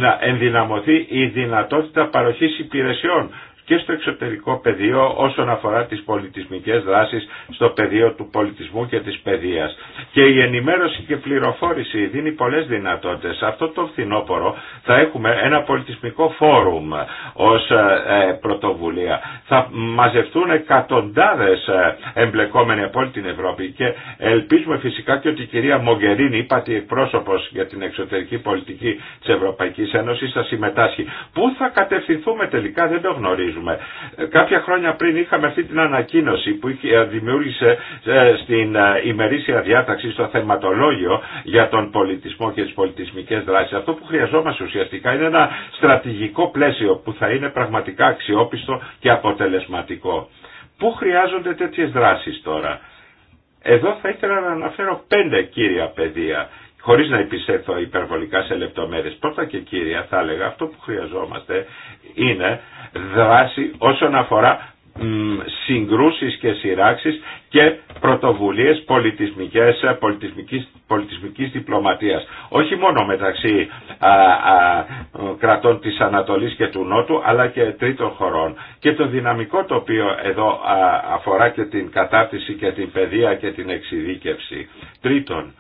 S1: να ενδυναμωθεί η δυνατότητα παροχής υπηρεσιών και στο εξωτερικό πεδίο όσον αφορά τις πολιτισμικές δράσεις στο πεδίο του πολιτισμού και της παιδείας. Και η ενημέρωση και πληροφόρηση δίνει πολλές δυνατότητες. Αυτό το φθινόπωρο θα έχουμε ένα πολιτισμικό φόρουμ ως ε, πρωτοβουλία. Θα μαζευτούν εκατοντάδες ε, εμπλεκόμενοι από όλη την Ευρώπη και ελπίζουμε φυσικά και ότι η κυρία Μογκερίνη, είπατε εκπρόσωπος για την εξωτερική πολιτική της Ευρωπαϊκής Ένωσης, θα συμμετάσχει. Πού θα κατευθυνθούμε τελικά δεν το γνωρίζουμε ε, κάποια χρόνια πριν είχαμε αυτή την ανακοίνωση που ε, δημιούργησε ε, στην ημερήσια διάταξη στο θεματολόγιο για τον πολιτισμό και τις πολιτισμικές δράσεις. Αυτό που χρειαζόμαστε ουσιαστικά είναι ένα στρατηγικό πλαίσιο που θα είναι πραγματικά αξιόπιστο και αποτελεσματικό. Πού χρειάζονται τέτοιες δράσεις τώρα. Εδώ θα ήθελα να αναφέρω πέντε κύρια πεδία χωρίς να επισέλθω υπερβολικά σε λεπτομέρειες. Πρώτα και κύρια θα έλεγα αυτό που χρειαζόμαστε είναι δράση όσον αφορά συγκρούσεις και σειράξεις και πρωτοβουλίες πολιτισμικές, πολιτισμικής, πολιτισμικής διπλωματίας. Όχι μόνο μεταξύ α, κρατών της Ανατολής και του Νότου, αλλά και τρίτων χωρών. Και το δυναμικό το οποίο εδώ αφορά και την κατάρτιση και την παιδεία και την εξειδίκευση. Τρίτον,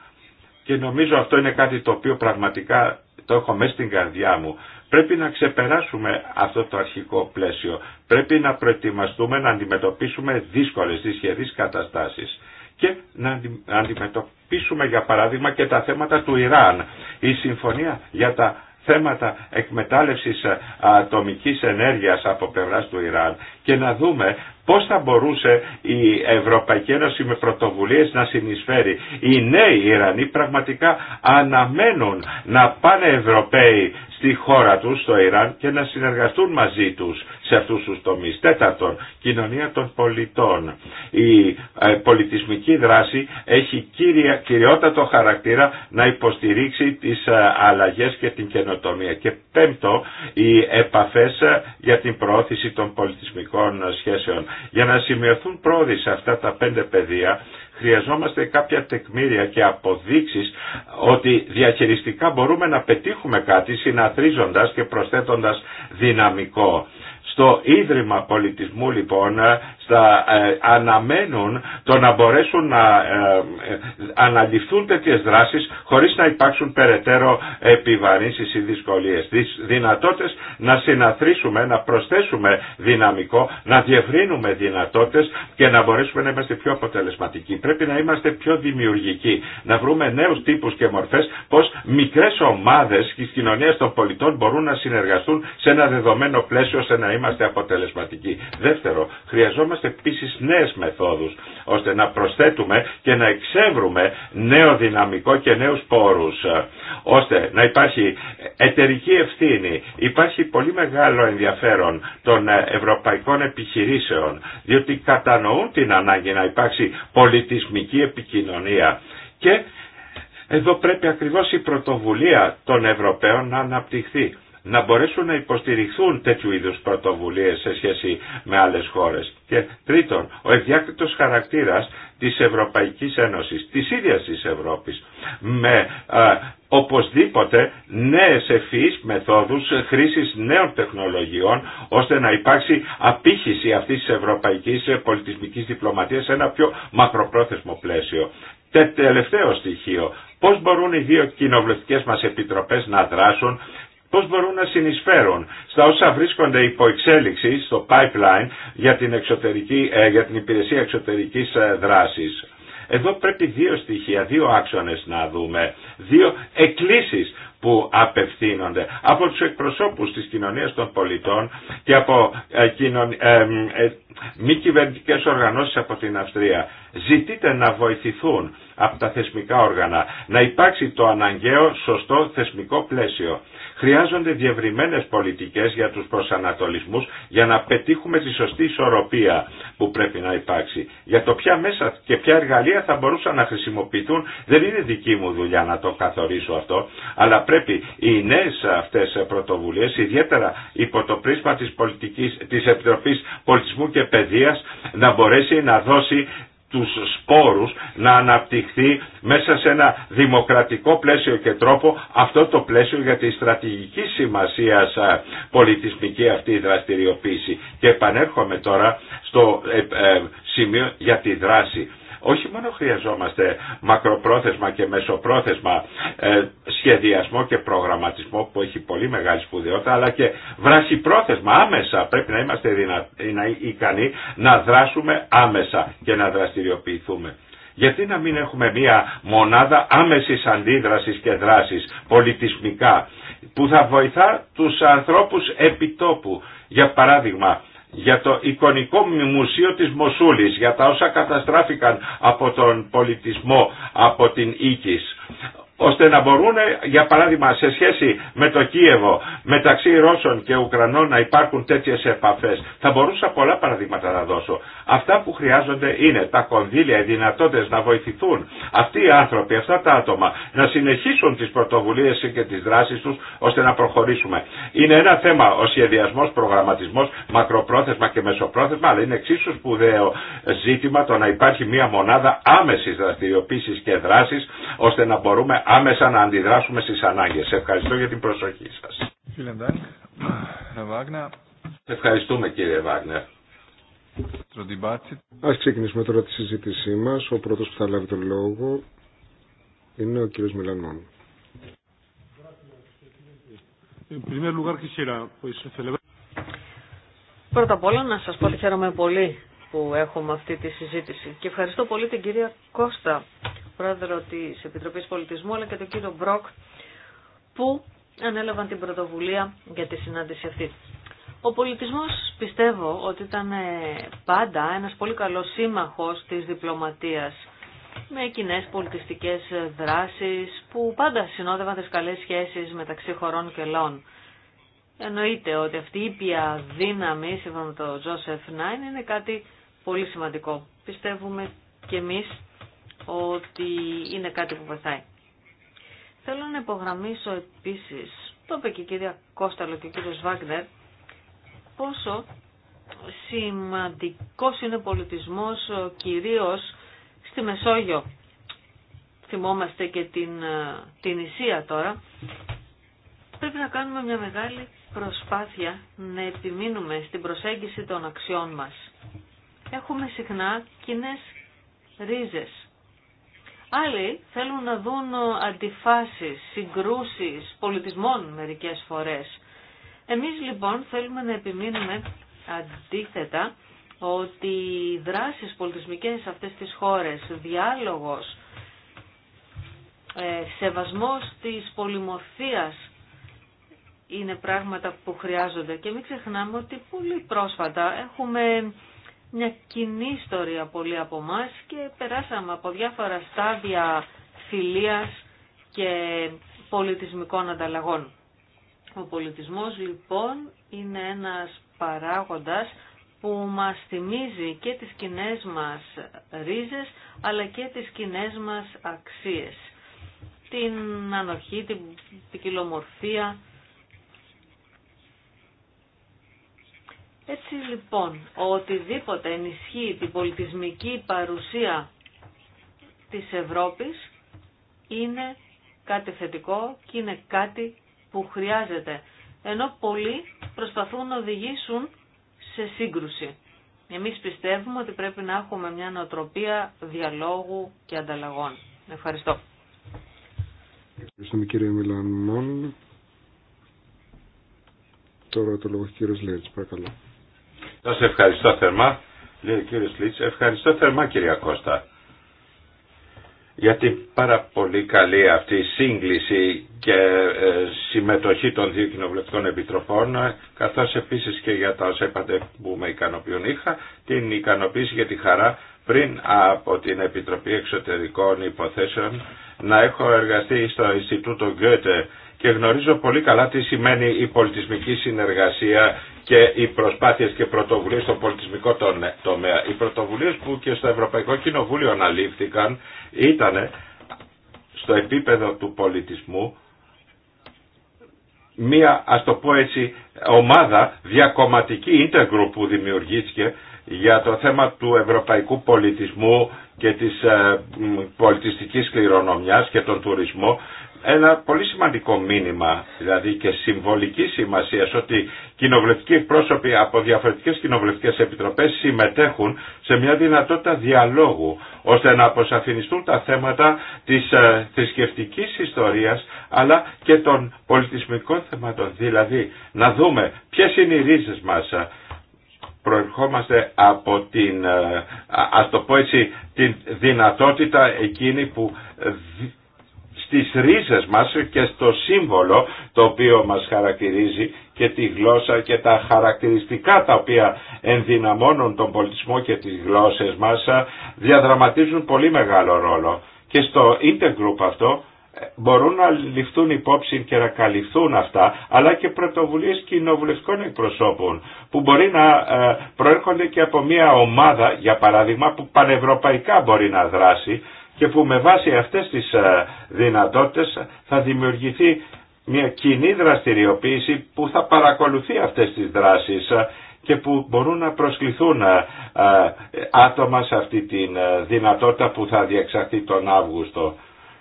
S1: και νομίζω αυτό είναι κάτι το οποίο πραγματικά το έχω μέσα στην καρδιά μου. Πρέπει να ξεπεράσουμε αυτό το αρχικό πλαίσιο. Πρέπει να προετοιμαστούμε να αντιμετωπίσουμε δύσκολες, δυσχερείς καταστάσεις και να αντιμετωπίσουμε για παράδειγμα και τα θέματα του Ιράν. Η συμφωνία για τα θέματα εκμετάλλευσης ε, ατομικής ενέργειας από πλευράς του Ιράν και να δούμε πώς θα μπορούσε η Ευρωπαϊκή Ένωση με πρωτοβουλίες να συνεισφέρει. Οι νέοι Ιρανοί πραγματικά αναμένουν να πάνε Ευρωπαίοι στη χώρα τους, στο Ιράν και να συνεργαστούν μαζί τους σε αυτούς τους τομείς. Τέταρτον, κοινωνία των πολιτών. Η ε, πολιτισμική δράση έχει κύρια, κυριότατο χαρακτήρα να υποστηρίξει τις ε, αλλαγές και την καινοτομία. Και πέμπτο, οι επαφές ε, για την προώθηση των πολιτισμικών σχέσεων. Για να σημειωθούν πρόοδοι σε αυτά τα πέντε πεδία χρειαζόμαστε κάποια τεκμήρια και αποδείξεις ότι διαχειριστικά μπορούμε να πετύχουμε κάτι συναθρίζοντας και προσθέτοντας δυναμικό. Στο Ίδρυμα Πολιτισμού λοιπόν θα ε, αναμένουν το να μπορέσουν να ε, ε, αναλυφθούν τέτοιες δράσεις χωρίς να υπάρξουν περαιτέρω επιβαρύνσεις ή δυσκολίες. Δυσ, δυνατότητες να συναθρήσουμε, να προσθέσουμε δυναμικό, να διευρύνουμε δυνατότητες και να μπορέσουμε να είμαστε πιο αποτελεσματικοί. Πρέπει να είμαστε πιο δημιουργικοί, να βρούμε νέους τύπους και μορφές πως μικρές ομάδες της κοινωνίας των πολιτών μπορούν να συνεργαστούν σε ένα δεδομένο πλαίσιο ώστε να είμαστε αποτελεσματικοί. Δεύτερο, χρειαζόμαστε χρειαζόμαστε επίσης νέες μεθόδους ώστε να προσθέτουμε και να εξεύρουμε νέο δυναμικό και νέους πόρους ε, ώστε να υπάρχει εταιρική ευθύνη. Υπάρχει πολύ μεγάλο ενδιαφέρον των ε, ευρωπαϊκών επιχειρήσεων διότι κατανοούν την ανάγκη να υπάρξει πολιτισμική επικοινωνία και εδώ πρέπει ακριβώς η πρωτοβουλία των Ευρωπαίων να αναπτυχθεί να μπορέσουν να υποστηριχθούν τέτοιου είδους πρωτοβουλίες σε σχέση με άλλες χώρες. Και τρίτον, ο ευδιάκριτος χαρακτήρας της Ευρωπαϊκής Ένωσης, της ίδιας της Ευρώπης, με α, οπωσδήποτε νέες ευφυείς μεθόδους χρήσης νέων τεχνολογιών, ώστε να υπάρξει απήχηση αυτής της ευρωπαϊκής πολιτισμικής διπλωματίας σε ένα πιο μακροπρόθεσμο πλαίσιο. Τε, τελευταίο στοιχείο, πώς μπορούν οι δύο κοινοβουλευτικές μας επιτροπές να δράσουν πώς μπορούν να συνεισφέρουν στα όσα βρίσκονται υπό εξέλιξη στο pipeline για την, εξωτερική, ε, για την υπηρεσία εξωτερικής ε, δράσης. Εδώ πρέπει δύο στοιχεία, δύο άξονες να δούμε, δύο εκκλήσεις που απευθύνονται από τους εκπροσώπους της κοινωνίας των πολιτών και από ε, μη κυβερνητικέ οργανώσεις από την Αυστρία. Ζητείτε να βοηθηθούν από τα θεσμικά όργανα, να υπάρξει το αναγκαίο σωστό θεσμικό πλαίσιο. Χρειάζονται διευρυμένες πολιτικές για τους προσανατολισμούς για να πετύχουμε τη σωστή ισορροπία που πρέπει να υπάρξει. Για το ποια μέσα και ποια εργαλεία θα μπορούσαν να χρησιμοποιηθούν δεν είναι δική μου δουλειά να το καθορίσω αυτό, αλλά πρέπει οι νέες αυτές πρωτοβουλίες, ιδιαίτερα υπό το πρίσμα της, πολιτικής, Επιτροπής Πολιτισμού και Παιδείας, να μπορέσει να δώσει τους σπόρους να αναπτυχθεί μέσα σε ένα δημοκρατικό πλαίσιο και τρόπο αυτό το πλαίσιο για τη στρατηγική σημασία πολιτισμική αυτή δραστηριοποίηση. Και επανέρχομαι τώρα στο ε, ε, σημείο για τη δράση όχι μόνο χρειαζόμαστε μακροπρόθεσμα και μεσοπρόθεσμα ε, σχεδιασμό και προγραμματισμό που έχει πολύ μεγάλη σπουδαιότητα αλλά και βραχυπρόθεσμα άμεσα πρέπει να είμαστε δυνα... ικανοί να δράσουμε άμεσα και να δραστηριοποιηθούμε. Γιατί να μην έχουμε μία μονάδα άμεσης αντίδρασης και δράσης πολιτισμικά που θα βοηθά τους ανθρώπους επιτόπου. Για παράδειγμα, για το εικονικό μουσείο της Μοσούλης, για τα όσα καταστράφηκαν από τον πολιτισμό, από την οίκης ώστε να μπορούν, για παράδειγμα, σε σχέση με το Κίεβο, μεταξύ Ρώσων και Ουκρανών να υπάρχουν τέτοιε επαφέ. Θα μπορούσα πολλά παραδείγματα να δώσω. Αυτά που χρειάζονται είναι τα κονδύλια, οι δυνατότητε να βοηθηθούν αυτοί οι άνθρωποι, αυτά τα άτομα, να συνεχίσουν τι πρωτοβουλίε και τι δράσει του, ώστε να προχωρήσουμε. Είναι ένα θέμα ο σχεδιασμό, προγραμματισμό, μακροπρόθεσμα και μεσοπρόθεσμα, αλλά είναι εξίσου σπουδαίο ζήτημα το να υπάρχει μια μονάδα άμεση δραστηριοποίηση και δράση, ώστε να μπορούμε άμεσα να αντιδράσουμε στις ανάγκες. Ευχαριστώ για την προσοχή σας. Ευχαριστούμε κύριε Βάγνερ.
S3: Ας ξεκινήσουμε τώρα τη συζήτησή μας. Ο πρώτος που θα λάβει τον λόγο είναι ο κύριος Μιλανών.
S2: Πρώτα απ' όλα να σας πω ότι χαίρομαι πολύ που έχουμε αυτή τη συζήτηση και ευχαριστώ πολύ την κυρία Κώστα πρόεδρο τη Επιτροπής Πολιτισμού αλλά και τον κύριο Μπροκ που ανέλαβαν την πρωτοβουλία για τη συνάντηση αυτή. Ο πολιτισμός πιστεύω ότι ήταν ε, πάντα ένας πολύ καλός σύμμαχος της διπλωματίας με κοινέ πολιτιστικές δράσεις που πάντα συνόδευαν τις καλές σχέσεις μεταξύ χωρών και λών. Εννοείται ότι αυτή η ήπια δύναμη, σύμφωνα με τον Τζόσεφ Νάιν, είναι κάτι πολύ σημαντικό. Πιστεύουμε και εμείς ότι είναι κάτι που βοηθάει. Θέλω να υπογραμμίσω επίσης, το είπε και η κυρία Κώσταλο και ο κύριος Βάγκνερ, πόσο σημαντικός είναι ο πολιτισμός ε, κυρίως στη Μεσόγειο. Θυμόμαστε και την, ε, την Ισία τώρα. Πρέπει να κάνουμε μια μεγάλη προσπάθεια να επιμείνουμε στην προσέγγιση των αξιών μας. Έχουμε συχνά κοινέ ρίζες. Άλλοι θέλουν να δουν ε, αντιφάσεις, συγκρούσεις πολιτισμών μερικές φορές. Εμείς λοιπόν θέλουμε να επιμείνουμε αντίθετα ότι οι δράσεις πολιτισμικές σε αυτές τις χώρες, διάλογος, ε, σεβασμός της πολυμορφίας είναι πράγματα που χρειάζονται. Και μην ξεχνάμε ότι πολύ πρόσφατα έχουμε μια κοινή ιστορία πολύ από εμά και περάσαμε από διάφορα στάδια φιλίας και πολιτισμικών ανταλλαγών. Ο πολιτισμός λοιπόν είναι ένας παράγοντας που μας θυμίζει και τις κοινέ μας ρίζες αλλά και τις κοινέ μας αξίες. Την ανοχή, την ποικιλομορφία, Έτσι λοιπόν, οτιδήποτε ενισχύει την πολιτισμική παρουσία της Ευρώπης είναι κάτι θετικό και είναι κάτι που χρειάζεται. Ενώ πολλοί προσπαθούν να οδηγήσουν σε σύγκρουση. Εμείς πιστεύουμε ότι πρέπει να έχουμε μια νοοτροπία διαλόγου και ανταλλαγών. Ευχαριστώ.
S3: Ευχαριστούμε κύριε Μιλανόν, Τώρα το λόγο κύριος Λέρτς, παρακαλώ.
S1: Σα ευχαριστώ θερμά, λέει ο κύριος Λίτς. Ευχαριστώ θερμά κυρία Κώστα για την πάρα πολύ καλή αυτή σύγκληση και ε, συμμετοχή των δύο κοινοβουλευτικών επιτροπών καθώς επίσης και για τα όσα είπατε που με ικανοποιούν είχα την ικανοποίηση και τη χαρά πριν από την Επιτροπή Εξωτερικών Υποθέσεων να έχω εργαστεί στο Ινστιτούτο Γκέτε και γνωρίζω πολύ καλά τι σημαίνει η πολιτισμική συνεργασία και οι προσπάθειες και πρωτοβουλίες στον πολιτισμικό τομέα. Οι πρωτοβουλίες που και στο Ευρωπαϊκό Κοινοβούλιο αναλήφθηκαν ήταν στο επίπεδο του πολιτισμού μία ας το πω έτσι ομάδα διακομματική intergroup που δημιουργήθηκε για το θέμα του ευρωπαϊκού πολιτισμού και της ε, πολιτιστικής κληρονομιάς και τον τουρισμό ένα πολύ σημαντικό μήνυμα, δηλαδή και συμβολική σημασία ότι κοινοβουλευτικοί πρόσωποι από διαφορετικές κοινοβουλευτικές επιτροπές συμμετέχουν σε μια δυνατότητα διαλόγου, ώστε να αποσαφινιστούν τα θέματα της ε, θρησκευτική ιστορίας, αλλά και των πολιτισμικών θεμάτων. Δηλαδή, να δούμε ποιες είναι οι ρίζες μας, προερχόμαστε από την, ε, την δυνατότητα εκείνη που ε, στις ρίζες μας και στο σύμβολο το οποίο μας χαρακτηρίζει και τη γλώσσα και τα χαρακτηριστικά τα οποία ενδυναμώνουν τον πολιτισμό και τις γλώσσες μας διαδραματίζουν πολύ μεγάλο ρόλο. Και στο Intergroup αυτό ε, μπορούν να ληφθούν υπόψη και να καλυφθούν αυτά, αλλά και πρωτοβουλίες κοινοβουλευτικών εκπροσώπων που μπορεί να ε, προέρχονται και από μια ομάδα, για παράδειγμα, που πανευρωπαϊκά μπορεί να δράσει και που με βάση αυτές τις ε, δυνατότητες θα δημιουργηθεί μια κοινή δραστηριοποίηση που θα παρακολουθεί αυτές τις δράσεις ε, και που μπορούν να προσκληθούν ε, άτομα σε αυτή τη δυνατότητα που θα διεξαχθεί τον Αύγουστο.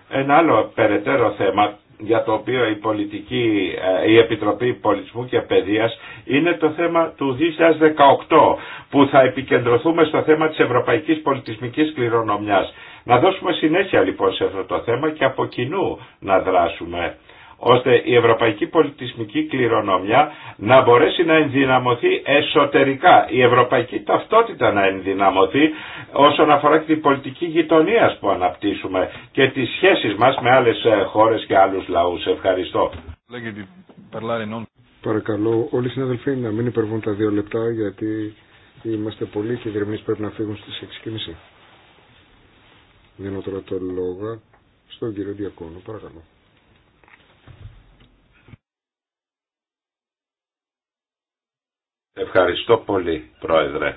S1: Ένα άλλο περαιτέρω θέμα για το οποίο η, πολιτική, ε, η Επιτροπή Πολιτισμού και Παιδείας είναι το θέμα του 2018 που θα επικεντρωθούμε στο θέμα της ευρωπαϊκής πολιτισμικής κληρονομιάς. Να δώσουμε συνέχεια λοιπόν σε αυτό το θέμα και από κοινού να δράσουμε ώστε η ευρωπαϊκή πολιτισμική κληρονομιά να μπορέσει να ενδυναμωθεί εσωτερικά, η ευρωπαϊκή ταυτότητα να ενδυναμωθεί όσον αφορά και την πολιτική γειτονία που αναπτύσσουμε και τις σχέσεις μας με άλλες ε, χώρες και άλλους λαούς. Ευχαριστώ.
S3: Παρακαλώ όλοι οι συναδελφοί να μην υπερβούν τα δύο λεπτά γιατί είμαστε πολλοί και οι διερμηνείς πρέπει να φύγουν στις 6.30. Δίνω τώρα το λόγο στον κύριο Διακόνο, παρακαλώ.
S1: Ευχαριστώ πολύ, Πρόεδρε.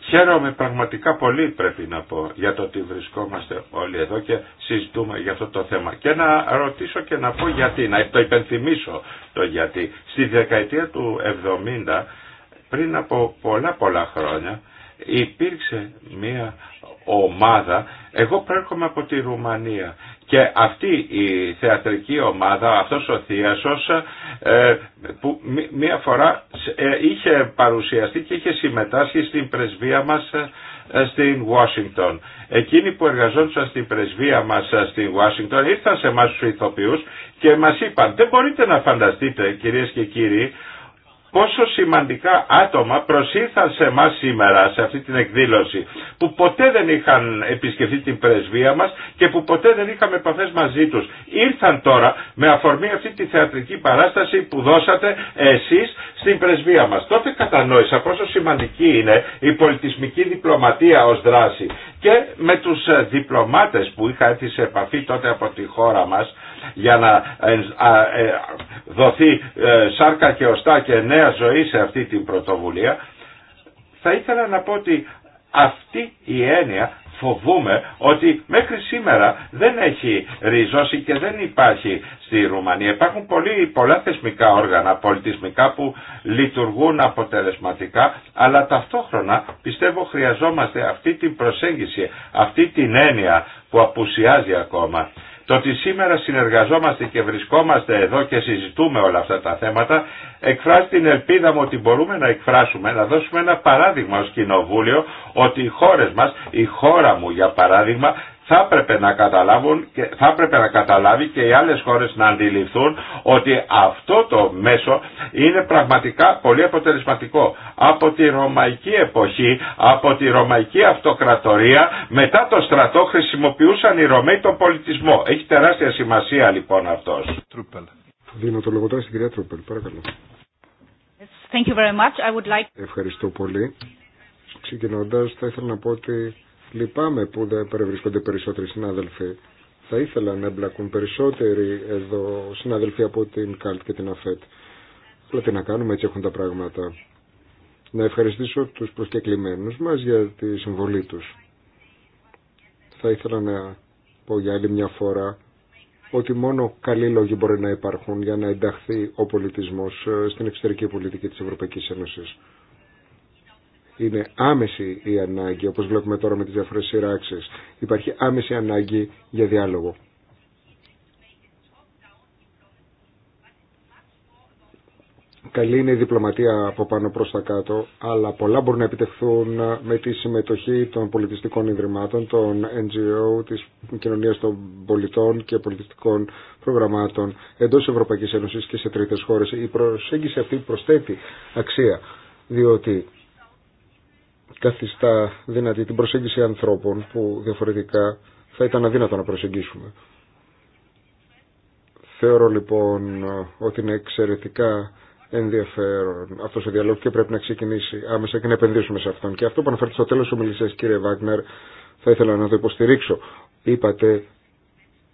S1: Χαίρομαι πραγματικά πολύ πρέπει να πω για το ότι βρισκόμαστε όλοι εδώ και συζητούμε για αυτό το θέμα. Και να ρωτήσω και να πω γιατί, να το υπενθυμίσω το γιατί. Στη δεκαετία του 70, πριν από πολλά πολλά χρόνια, υπήρξε μία ομάδα, εγώ προέρχομαι από τη Ρουμανία και αυτή η θεατρική ομάδα, αυτός ο Θίασος ε, που μία φορά ε, είχε παρουσιαστεί και είχε συμμετάσχει στην πρεσβεία μας ε, στην Ουάσιγκτον. Εκείνοι που εργαζόντουσαν στην πρεσβεία μας στην Ουάσιγκτον ήρθαν σε εμάς τους ηθοποιούς και μας είπαν δεν μπορείτε να φανταστείτε κυρίες και κύριοι πόσο σημαντικά άτομα προσήλθαν σε εμά σήμερα σε αυτή την εκδήλωση που ποτέ δεν είχαν επισκεφθεί την πρεσβεία μας και που ποτέ δεν είχαμε επαφές μαζί τους. Ήρθαν τώρα με αφορμή αυτή τη θεατρική παράσταση που δώσατε εσείς στην πρεσβεία μας. Τότε κατανόησα πόσο σημαντική είναι η πολιτισμική διπλωματία ως δράση και με τους ε, διπλωμάτες που είχα έρθει σε επαφή τότε από τη χώρα μας για να ε, ε, δοθεί σάρκα και οστά και νέα ζωή σε αυτή την πρωτοβουλία θα ήθελα να πω ότι αυτή η έννοια φοβούμε ότι μέχρι σήμερα δεν έχει ριζώσει και δεν υπάρχει στη Ρουμανία. Υπάρχουν πολύ πολλά θεσμικά όργανα πολιτισμικά που λειτουργούν αποτελεσματικά, αλλά ταυτόχρονα πιστεύω χρειαζόμαστε αυτή την προσέγγιση, αυτή την έννοια που απουσιάζει ακόμα. Το ότι σήμερα συνεργαζόμαστε και βρισκόμαστε εδώ και συζητούμε όλα αυτά τα θέματα εκφράζει την ελπίδα μου ότι μπορούμε να εκφράσουμε, να δώσουμε ένα παράδειγμα ως κοινοβούλιο ότι οι χώρες μας, η χώρα μου για παράδειγμα θα έπρεπε να καταλάβουν και θα έπρεπε να καταλάβει και οι άλλες χώρες να αντιληφθούν ότι αυτό το μέσο είναι πραγματικά πολύ αποτελεσματικό. Από τη ρωμαϊκή εποχή, από τη ρωμαϊκή αυτοκρατορία, μετά το στρατό χρησιμοποιούσαν οι Ρωμαίοι τον πολιτισμό. Έχει τεράστια σημασία λοιπόν αυτός.
S3: Τρούπελ. Δίνω το λόγο τώρα στην κυρία Τρούπελ, παρακαλώ. Ευχαριστώ πολύ. Ξεκινώντας, θα ήθελα να πω ότι Λυπάμαι που δεν παρευρίσκονται περισσότεροι συνάδελφοι. Θα ήθελα να εμπλακούν περισσότεροι εδώ συνάδελφοι από την ΚΑΛΤ και την ΑΦΕΤ. Αλλά τι να κάνουμε, έτσι έχουν τα πράγματα. Να ευχαριστήσω τους προσκεκλημένους μας για τη συμβολή τους. Θα ήθελα να πω για άλλη μια φορά ότι μόνο καλοί λόγοι μπορεί να υπάρχουν για να ενταχθεί ο πολιτισμός ε, στην εξωτερική πολιτική της Ευρωπαϊκής Ένωσης. Είναι άμεση η ανάγκη, όπως βλέπουμε τώρα με τις διάφορες σειράξεις. Υπάρχει άμεση ανάγκη για διάλογο. Καλή είναι η διπλωματία από πάνω προς τα κάτω, αλλά πολλά μπορούν να επιτευχθούν με τη συμμετοχή των πολιτιστικών ιδρυμάτων, των NGO, της κοινωνίας των πολιτών και πολιτιστικών προγραμμάτων εντός Ευρωπαϊκής Ένωσης και σε τρίτες χώρες. Η προσέγγιση αυτή προσθέτει αξία, διότι καθιστά δυνατή την προσέγγιση ανθρώπων που διαφορετικά θα ήταν αδύνατο να προσεγγίσουμε. Θεωρώ λοιπόν ότι είναι εξαιρετικά ενδιαφέρον αυτός ο διαλόγος και πρέπει να ξεκινήσει άμεσα και να επενδύσουμε σε αυτόν. Και αυτό που αναφέρθηκε στο τέλος ομιλησίας κύριε Βάγνερ θα ήθελα να το υποστηρίξω. Είπατε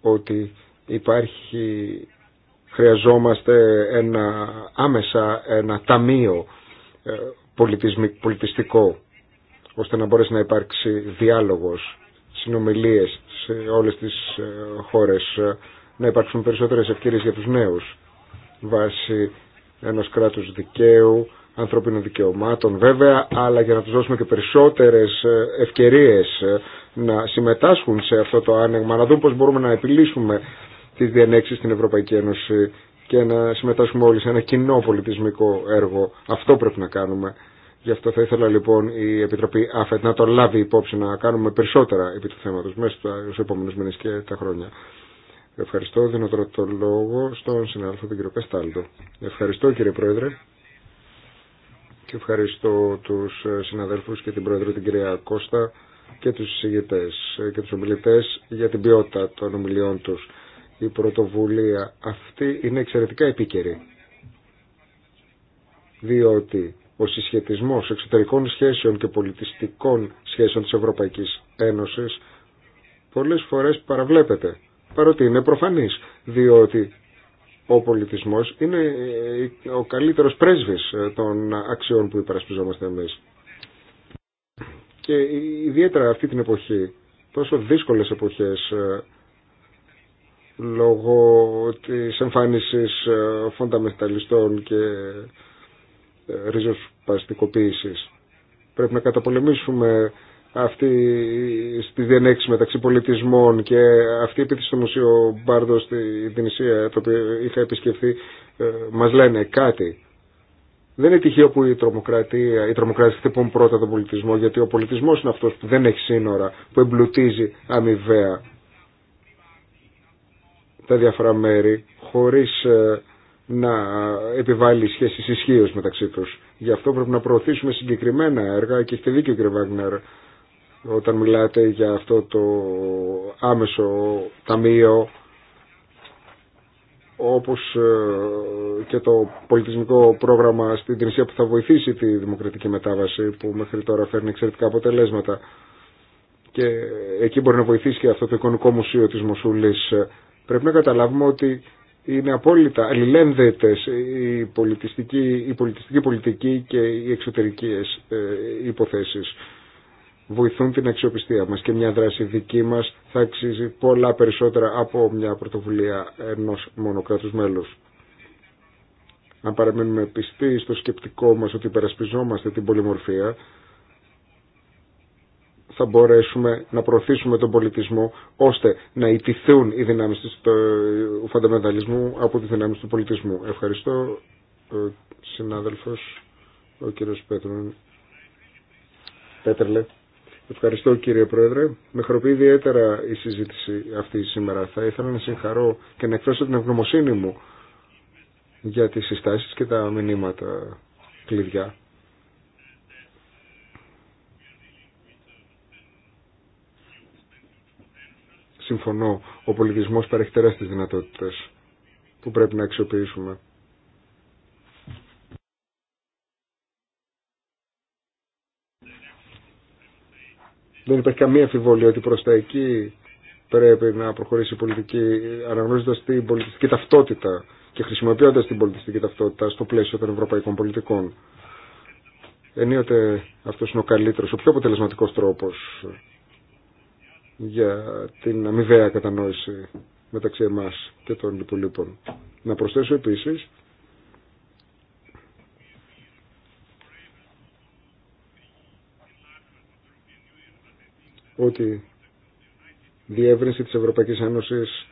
S3: ότι υπάρχει, χρειαζόμαστε ένα άμεσα ένα ταμείο ε, πολιτιστικό ώστε να μπορέσει να υπάρξει διάλογος, συνομιλίες σε όλες τις ε, χώρες, ε, να υπάρξουν περισσότερες ευκαιρίες για τους νέους βάσει ενός κράτους δικαίου, ανθρωπίνων δικαιωμάτων βέβαια, αλλά για να τους δώσουμε και περισσότερες ε, ευκαιρίες να συμμετάσχουν σε αυτό το άνοιγμα, να δούμε πώς μπορούμε να επιλύσουμε τις διανέξεις στην Ευρωπαϊκή Ένωση και να συμμετάσχουμε όλοι σε ένα κοινό πολιτισμικό έργο. Αυτό πρέπει να κάνουμε. Γι' αυτό θα ήθελα λοιπόν η Επιτροπή ΑΦΕΤ να το λάβει υπόψη να κάνουμε περισσότερα επί του θέματο μέσα στου επόμενου μήνε και τα χρόνια. Ευχαριστώ. Δίνω τώρα το λόγο στον συνάδελφο τον κύριο Πεστάλτο. Ευχαριστώ κύριε Πρόεδρε και ευχαριστώ του συναδέλφου και την Πρόεδρο την κυρία Κώστα και του συζητητέ και του ομιλητέ για την ποιότητα των ομιλιών του. Η πρωτοβουλία αυτή είναι εξαιρετικά επίκαιρη. Διότι ο συσχετισμός εξωτερικών σχέσεων και πολιτιστικών σχέσεων της Ευρωπαϊκής Ένωσης πολλές φορές παραβλέπεται, παρότι είναι προφανής, διότι ο πολιτισμός είναι ε, ο καλύτερος πρέσβης ε, των αξιών που υπερασπιζόμαστε εμείς. Και ιδιαίτερα αυτή την εποχή, τόσο δύσκολες εποχές, ε, λόγω της εμφάνισης φονταμεσταλιστών και ριζοσπαστικοποίησης. Πρέπει να καταπολεμήσουμε αυτή στη διενέξη μεταξύ πολιτισμών και αυτή η επίθεση στο Μουσείο Μπάρδο στην Ισία, το οποίο είχα επισκεφθεί, ε, μας λένε κάτι. Δεν είναι τυχαίο που η τρομοκρατία, οι τρομοκρατία χτυπούν πρώτα τον πολιτισμό, γιατί ο πολιτισμός είναι αυτός που δεν έχει σύνορα, που εμπλουτίζει αμοιβαία τα διάφορα μέρη, χωρίς ε, να επιβάλλει σχέσεις ισχύω μεταξύ τους. Γι' αυτό πρέπει να προωθήσουμε συγκεκριμένα έργα και έχετε δίκιο κύριε Βάγνερ όταν μιλάτε για αυτό το άμεσο ταμείο όπως ε, και το πολιτισμικό πρόγραμμα στην Τινησία που θα βοηθήσει τη δημοκρατική μετάβαση που μέχρι τώρα φέρνει εξαιρετικά αποτελέσματα και εκεί μπορεί να βοηθήσει και αυτό το εικονικό μουσείο της Μοσούλης πρέπει να καταλάβουμε ότι είναι απόλυτα αλληλένδετες η πολιτιστική, η πολιτιστική πολιτική και οι εξωτερικές ε, υποθέσεις. Βοηθούν την αξιοπιστία μας και μια δράση δική μας θα αξίζει πολλά περισσότερα από μια πρωτοβουλία ενός μόνο μέλους. Αν παραμείνουμε πιστοί στο σκεπτικό μας ότι υπερασπιζόμαστε την πολυμορφία, θα μπορέσουμε να προωθήσουμε τον πολιτισμό ώστε να ιτηθούν οι δυνάμεις του φανταμεταλισμού από τις δυνάμεις του πολιτισμού. Ευχαριστώ συνάδελφος ο κύριος Πέτρον. Πέτρελε. Ευχαριστώ κύριε Πρόεδρε. Με χαροποιεί ιδιαίτερα η συζήτηση αυτή σήμερα. Θα ήθελα να συγχαρώ και να εκφράσω την ευγνωμοσύνη μου για τις συστάσεις και τα μηνύματα κλειδιά συμφωνώ, ο πολιτισμός παρεχτερά στις δυνατότητες που πρέπει να αξιοποιήσουμε. Δεν υπάρχει καμία αμφιβολία ότι προς τα εκεί πρέπει να προχωρήσει η πολιτική αναγνωρίζοντας την πολιτιστική ταυτότητα και χρησιμοποιώντας την πολιτιστική ταυτότητα στο πλαίσιο των ευρωπαϊκών πολιτικών. Ενίοτε αυτός είναι ο καλύτερος, ο πιο αποτελεσματικός τρόπος για την αμοιβαία κατανόηση μεταξύ εμάς και των υπολείπων. Να προσθέσω επίσης ότι η διεύρυνση της Ευρωπαϊκής Ένωσης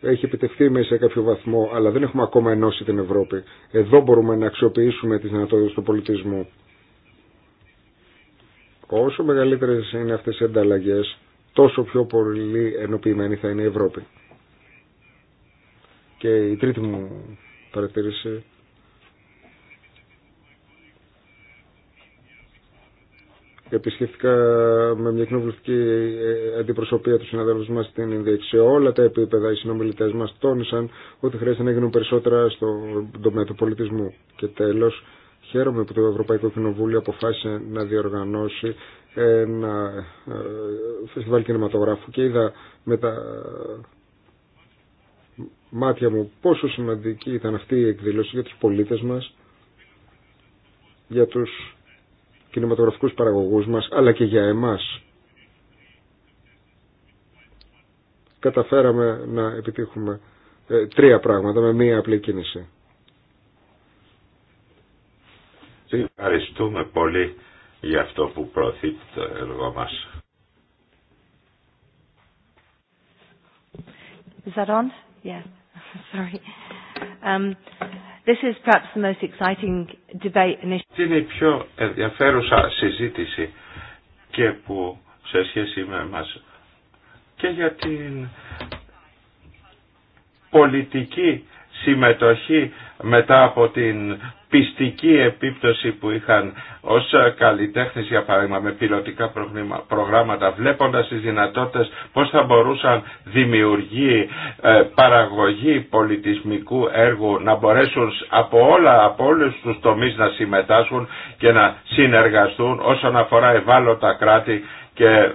S3: έχει επιτευχθεί μέσα σε κάποιο βαθμό, αλλά δεν έχουμε ακόμα ενώσει την Ευρώπη. Εδώ μπορούμε να αξιοποιήσουμε τις δυνατότητες του πολιτισμού. Όσο μεγαλύτερες είναι αυτές οι ανταλλαγές, τόσο πιο πολύ ενοποιημένη θα είναι η Ευρώπη. Και η τρίτη μου παρατήρηση επισκέφθηκα με μια κοινοβουλευτική αντιπροσωπεία του συναδέλφου μα στην Ινδία. Σε όλα τα επίπεδα οι συνομιλητέ μα τόνισαν ότι χρειάζεται να γίνουν περισσότερα στον τομέα του πολιτισμού. Και τέλο, χαίρομαι που το Ευρωπαϊκό Κοινοβούλιο αποφάσισε να διοργανώσει ένα ε, φεστιβάλ κινηματογράφου και είδα με τα ε, μάτια μου πόσο σημαντική ήταν αυτή η εκδήλωση για τους πολίτες μας, για τους κινηματογραφικούς παραγωγούς μας, αλλά και για εμάς. Καταφέραμε να επιτύχουμε ε, τρία πράγματα με μία απλή κίνηση.
S1: Ευχαριστούμε πολύ για αυτό που προωθεί το έργο μας.
S2: Is that on? Yeah. (laughs) Sorry. Um, this is perhaps the most exciting debate. initially.
S1: είναι η πιο ενδιαφέρουσα συζήτηση και που σε σχέση με μας και για την πολιτική συμμετοχή μετά από την πιστική επίπτωση που είχαν ως καλλιτέχνε, για παράδειγμα με πιλωτικά προγράμματα βλέποντας τις δυνατότητες πώς θα μπορούσαν δημιουργοί, ε, παραγωγή πολιτισμικού έργου να μπορέσουν από όλα, από όλους τους τομείς να συμμετάσχουν και να συνεργαστούν όσον αφορά ευάλωτα κράτη και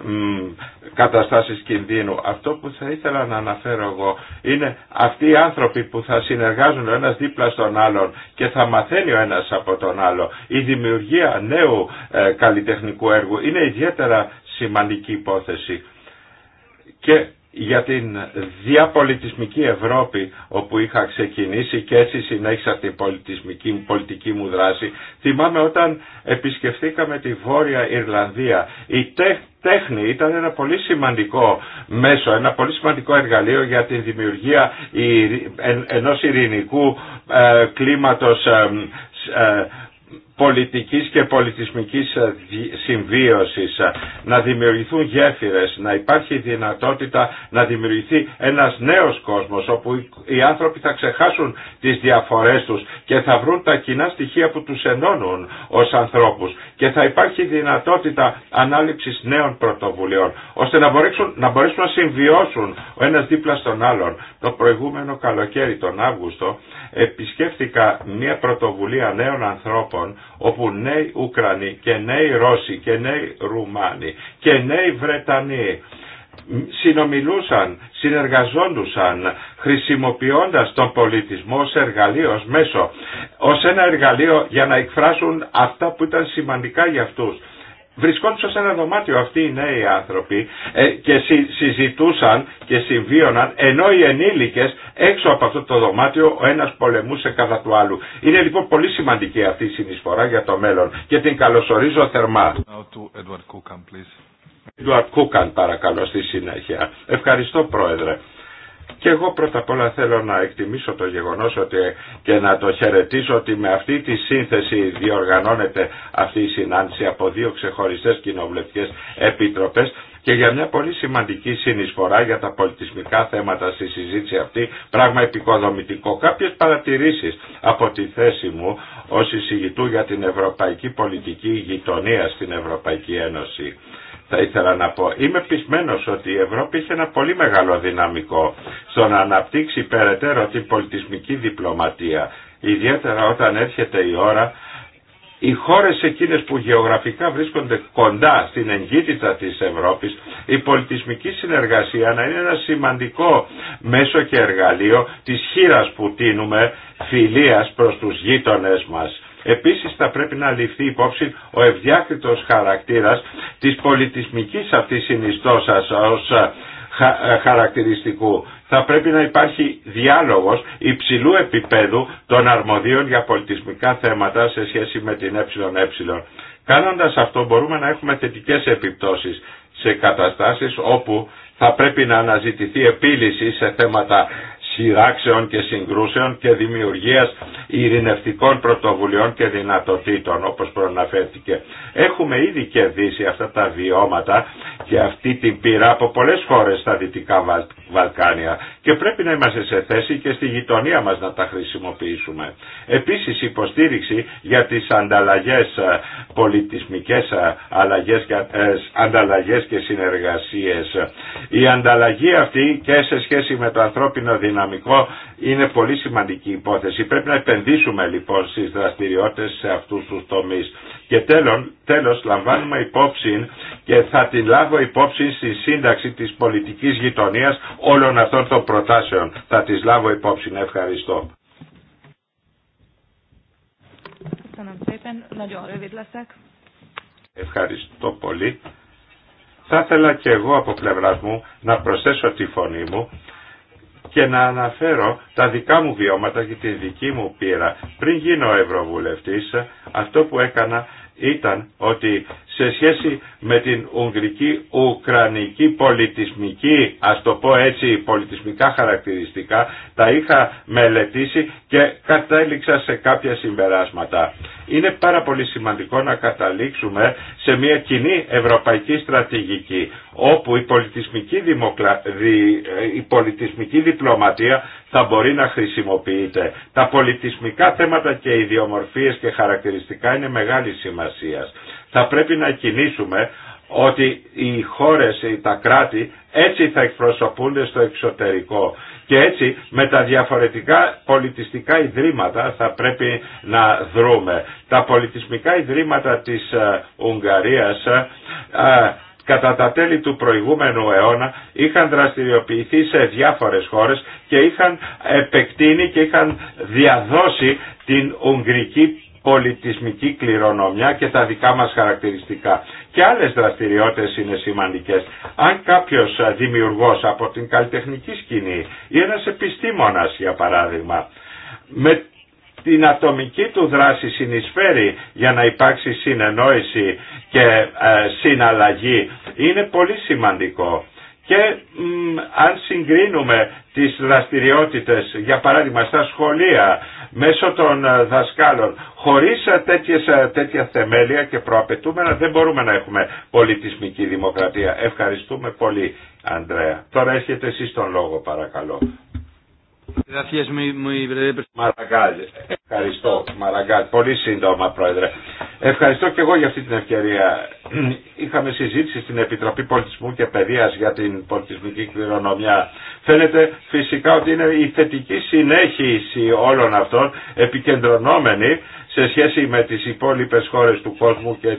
S1: καταστάσεις κινδύνου. Αυτό που θα ήθελα να αναφέρω εγώ είναι αυτοί οι άνθρωποι που θα συνεργάζουν ο ένας δίπλα στον άλλον και θα μαθαίνει ο ένας από τον άλλο. Η δημιουργία νέου ε, καλλιτεχνικού έργου είναι ιδιαίτερα σημαντική υπόθεση. Και για την διαπολιτισμική Ευρώπη όπου είχα ξεκινήσει και έτσι συνέχισα την πολιτισμική, πολιτική μου δράση θυμάμαι όταν επισκεφθήκαμε τη Βόρεια Ιρλανδία η τέχνη ήταν ένα πολύ σημαντικό μέσο, ένα πολύ σημαντικό εργαλείο για την δημιουργία ενός ειρηνικού ε, κλίματος ε, ε, πολιτικής και πολιτισμικής ε, συμβίωσης, ε, να δημιουργηθούν γέφυρες, να υπάρχει δυνατότητα να δημιουργηθεί ένας νέος κόσμος όπου οι άνθρωποι θα ξεχάσουν τις διαφορές τους και θα βρουν τα κοινά στοιχεία που τους ενώνουν ως ανθρώπους και θα υπάρχει δυνατότητα ανάληψης νέων πρωτοβουλειών ώστε να μπορέσουν να, συμβιώσουν ο ένας δίπλα στον άλλον. Το προηγούμενο καλοκαίρι τον Αύγουστο επισκέφθηκα μια πρωτοβουλία νέων ανθρώπων όπου νέοι Ουκρανοί και νέοι Ρώσοι και νέοι Ρουμάνοι και νέοι Βρετανοί συνομιλούσαν, συνεργαζόντουσαν χρησιμοποιώντας τον πολιτισμό ως εργαλείο, ως μέσο, ως ένα εργαλείο για να εκφράσουν αυτά που ήταν σημαντικά για αυτούς βρισκόντουσαν σε ένα δωμάτιο αυτοί οι νέοι άνθρωποι ε, και συζητούσαν και συμβίωναν ενώ οι ενήλικες έξω από αυτό το δωμάτιο ο ένας πολεμούσε κατά του άλλου. Είναι λοιπόν πολύ σημαντική αυτή η συνεισφορά για το μέλλον και την καλωσορίζω θερμά. Edward παρακαλώ στη συνέχεια. Ευχαριστώ Πρόεδρε. Και εγώ πρώτα απ' όλα θέλω να εκτιμήσω το γεγονός ότι και να το χαιρετήσω ότι με αυτή τη σύνθεση διοργανώνεται αυτή η συνάντηση από δύο ξεχωριστές κοινοβουλευτικές επιτροπές και για μια πολύ σημαντική συνεισφορά για τα πολιτισμικά θέματα στη συζήτηση αυτή, πράγμα επικοδομητικό. Κάποιες παρατηρήσεις από τη θέση μου ως εισηγητού για την ευρωπαϊκή πολιτική γειτονία στην Ευρωπαϊκή Ένωση θα ήθελα να πω. Είμαι πεισμένος ότι η Ευρώπη έχει ένα πολύ μεγάλο δυναμικό στο να αναπτύξει περαιτέρω την πολιτισμική διπλωματία. Ιδιαίτερα όταν έρχεται η ώρα οι χώρες εκείνες που γεωγραφικά βρίσκονται κοντά στην εγκύτητα της Ευρώπης, η πολιτισμική συνεργασία να είναι ένα σημαντικό μέσο και εργαλείο της χείρας που τίνουμε φιλίας προς τους γείτονες μας Επίσης θα πρέπει να ληφθεί υπόψη ο ευδιάκριτος χαρακτήρας της πολιτισμικής αυτής συνιστώσας ως ε, ε, χαρακτηριστικού. Θα πρέπει να υπάρχει διάλογος υψηλού επίπεδου των αρμοδίων για πολιτισμικά θέματα σε σχέση με την ΕΕ. Κάνοντας αυτό μπορούμε να έχουμε θετικές επιπτώσεις σε καταστάσεις όπου θα πρέπει να αναζητηθεί επίλυση σε θέματα σειράξεων και συγκρούσεων και δημιουργίας ειρηνευτικών πρωτοβουλειών και δυνατοτήτων όπως προναφέρθηκε. Έχουμε ήδη κερδίσει αυτά τα βιώματα και αυτή την πείρα από πολλές χώρες στα Δυτικά Βαλκάνια και πρέπει να είμαστε σε θέση και στη γειτονία μας να τα χρησιμοποιήσουμε. Επίσης υποστήριξη για τις ανταλλαγές ε, πολιτισμικές ε, αλλαγές και, ε, ανταλλαγές και συνεργασίες. Η ανταλλαγή αυτή και σε σχέση με το ανθρώπινο δυνατό δυναμικό είναι πολύ σημαντική υπόθεση. Πρέπει να επενδύσουμε λοιπόν στις δραστηριότητες σε αυτούς τους τομείς. Και τέλος, λαμβάνουμε υπόψη και θα την λάβω υπόψη στη σύνταξη της πολιτικής γειτονίας όλων αυτών των προτάσεων. Θα τις λάβω υπόψη. Ευχαριστώ. Ευχαριστώ πολύ. Θα ήθελα και εγώ από πλευρά μου να προσθέσω τη φωνή μου και να αναφέρω τα δικά μου βιώματα και τη δική μου πείρα. Πριν γίνω Ευρωβουλευτής, αυτό που έκανα ήταν ότι σε σχέση με την ουγγρική ουκρανική πολιτισμική, ας το πω έτσι, πολιτισμικά χαρακτηριστικά, τα είχα μελετήσει και κατέληξα σε κάποια συμπεράσματα. Είναι πάρα πολύ σημαντικό να καταλήξουμε σε μια κοινή ευρωπαϊκή στρατηγική, όπου η πολιτισμική, πολιτισμική διπλωματία θα μπορεί να χρησιμοποιείται. Τα πολιτισμικά θέματα και ιδιομορφίες και χαρακτηριστικά είναι μεγάλη σημασίας θα πρέπει να κινήσουμε ότι οι χώρες, τα κράτη έτσι θα εκπροσωπούνται στο εξωτερικό και έτσι με τα διαφορετικά πολιτιστικά ιδρύματα θα πρέπει να δρούμε. Τα πολιτισμικά ιδρύματα της ε, Ουγγαρίας ε, ε, κατά τα τέλη του προηγούμενου αιώνα είχαν δραστηριοποιηθεί σε διάφορες χώρες και είχαν επεκτείνει και είχαν διαδώσει την ουγγρική πολιτισμική κληρονομιά και τα δικά μας χαρακτηριστικά. Και άλλες δραστηριότητες είναι σημαντικές. Αν κάποιος δημιουργός από την καλλιτεχνική σκηνή ή ένας επιστήμονας για παράδειγμα με την ατομική του δράση συνεισφέρει για να υπάρξει συνεννόηση και ε, συναλλαγή είναι πολύ σημαντικό και αν συγκρίνουμε τις δραστηριότητες, για παράδειγμα στα σχολεία, μέσω των ε, δασκάλων, χωρίς ε, τέτοιες, ε, τέτοια θεμέλια και προαπαιτούμενα δεν μπορούμε να έχουμε πολιτισμική δημοκρατία. Ευχαριστούμε πολύ, Ανδρέα. Τώρα έχετε εσείς τον λόγο, παρακαλώ. Μαραγκάλ, ευχαριστώ. Μαραγκάλ, πολύ σύντομα, Πρόεδρε. Ευχαριστώ και εγώ για αυτή την ευκαιρία. Είχαμε συζήτηση στην Επιτροπή Πολιτισμού και Παιδείας για την πολιτισμική κληρονομιά. Φαίνεται φυσικά ότι είναι η θετική συνέχιση όλων αυτών, επικεντρωνόμενη σε σχέση με τις υπόλοιπες χώρες του κόσμου και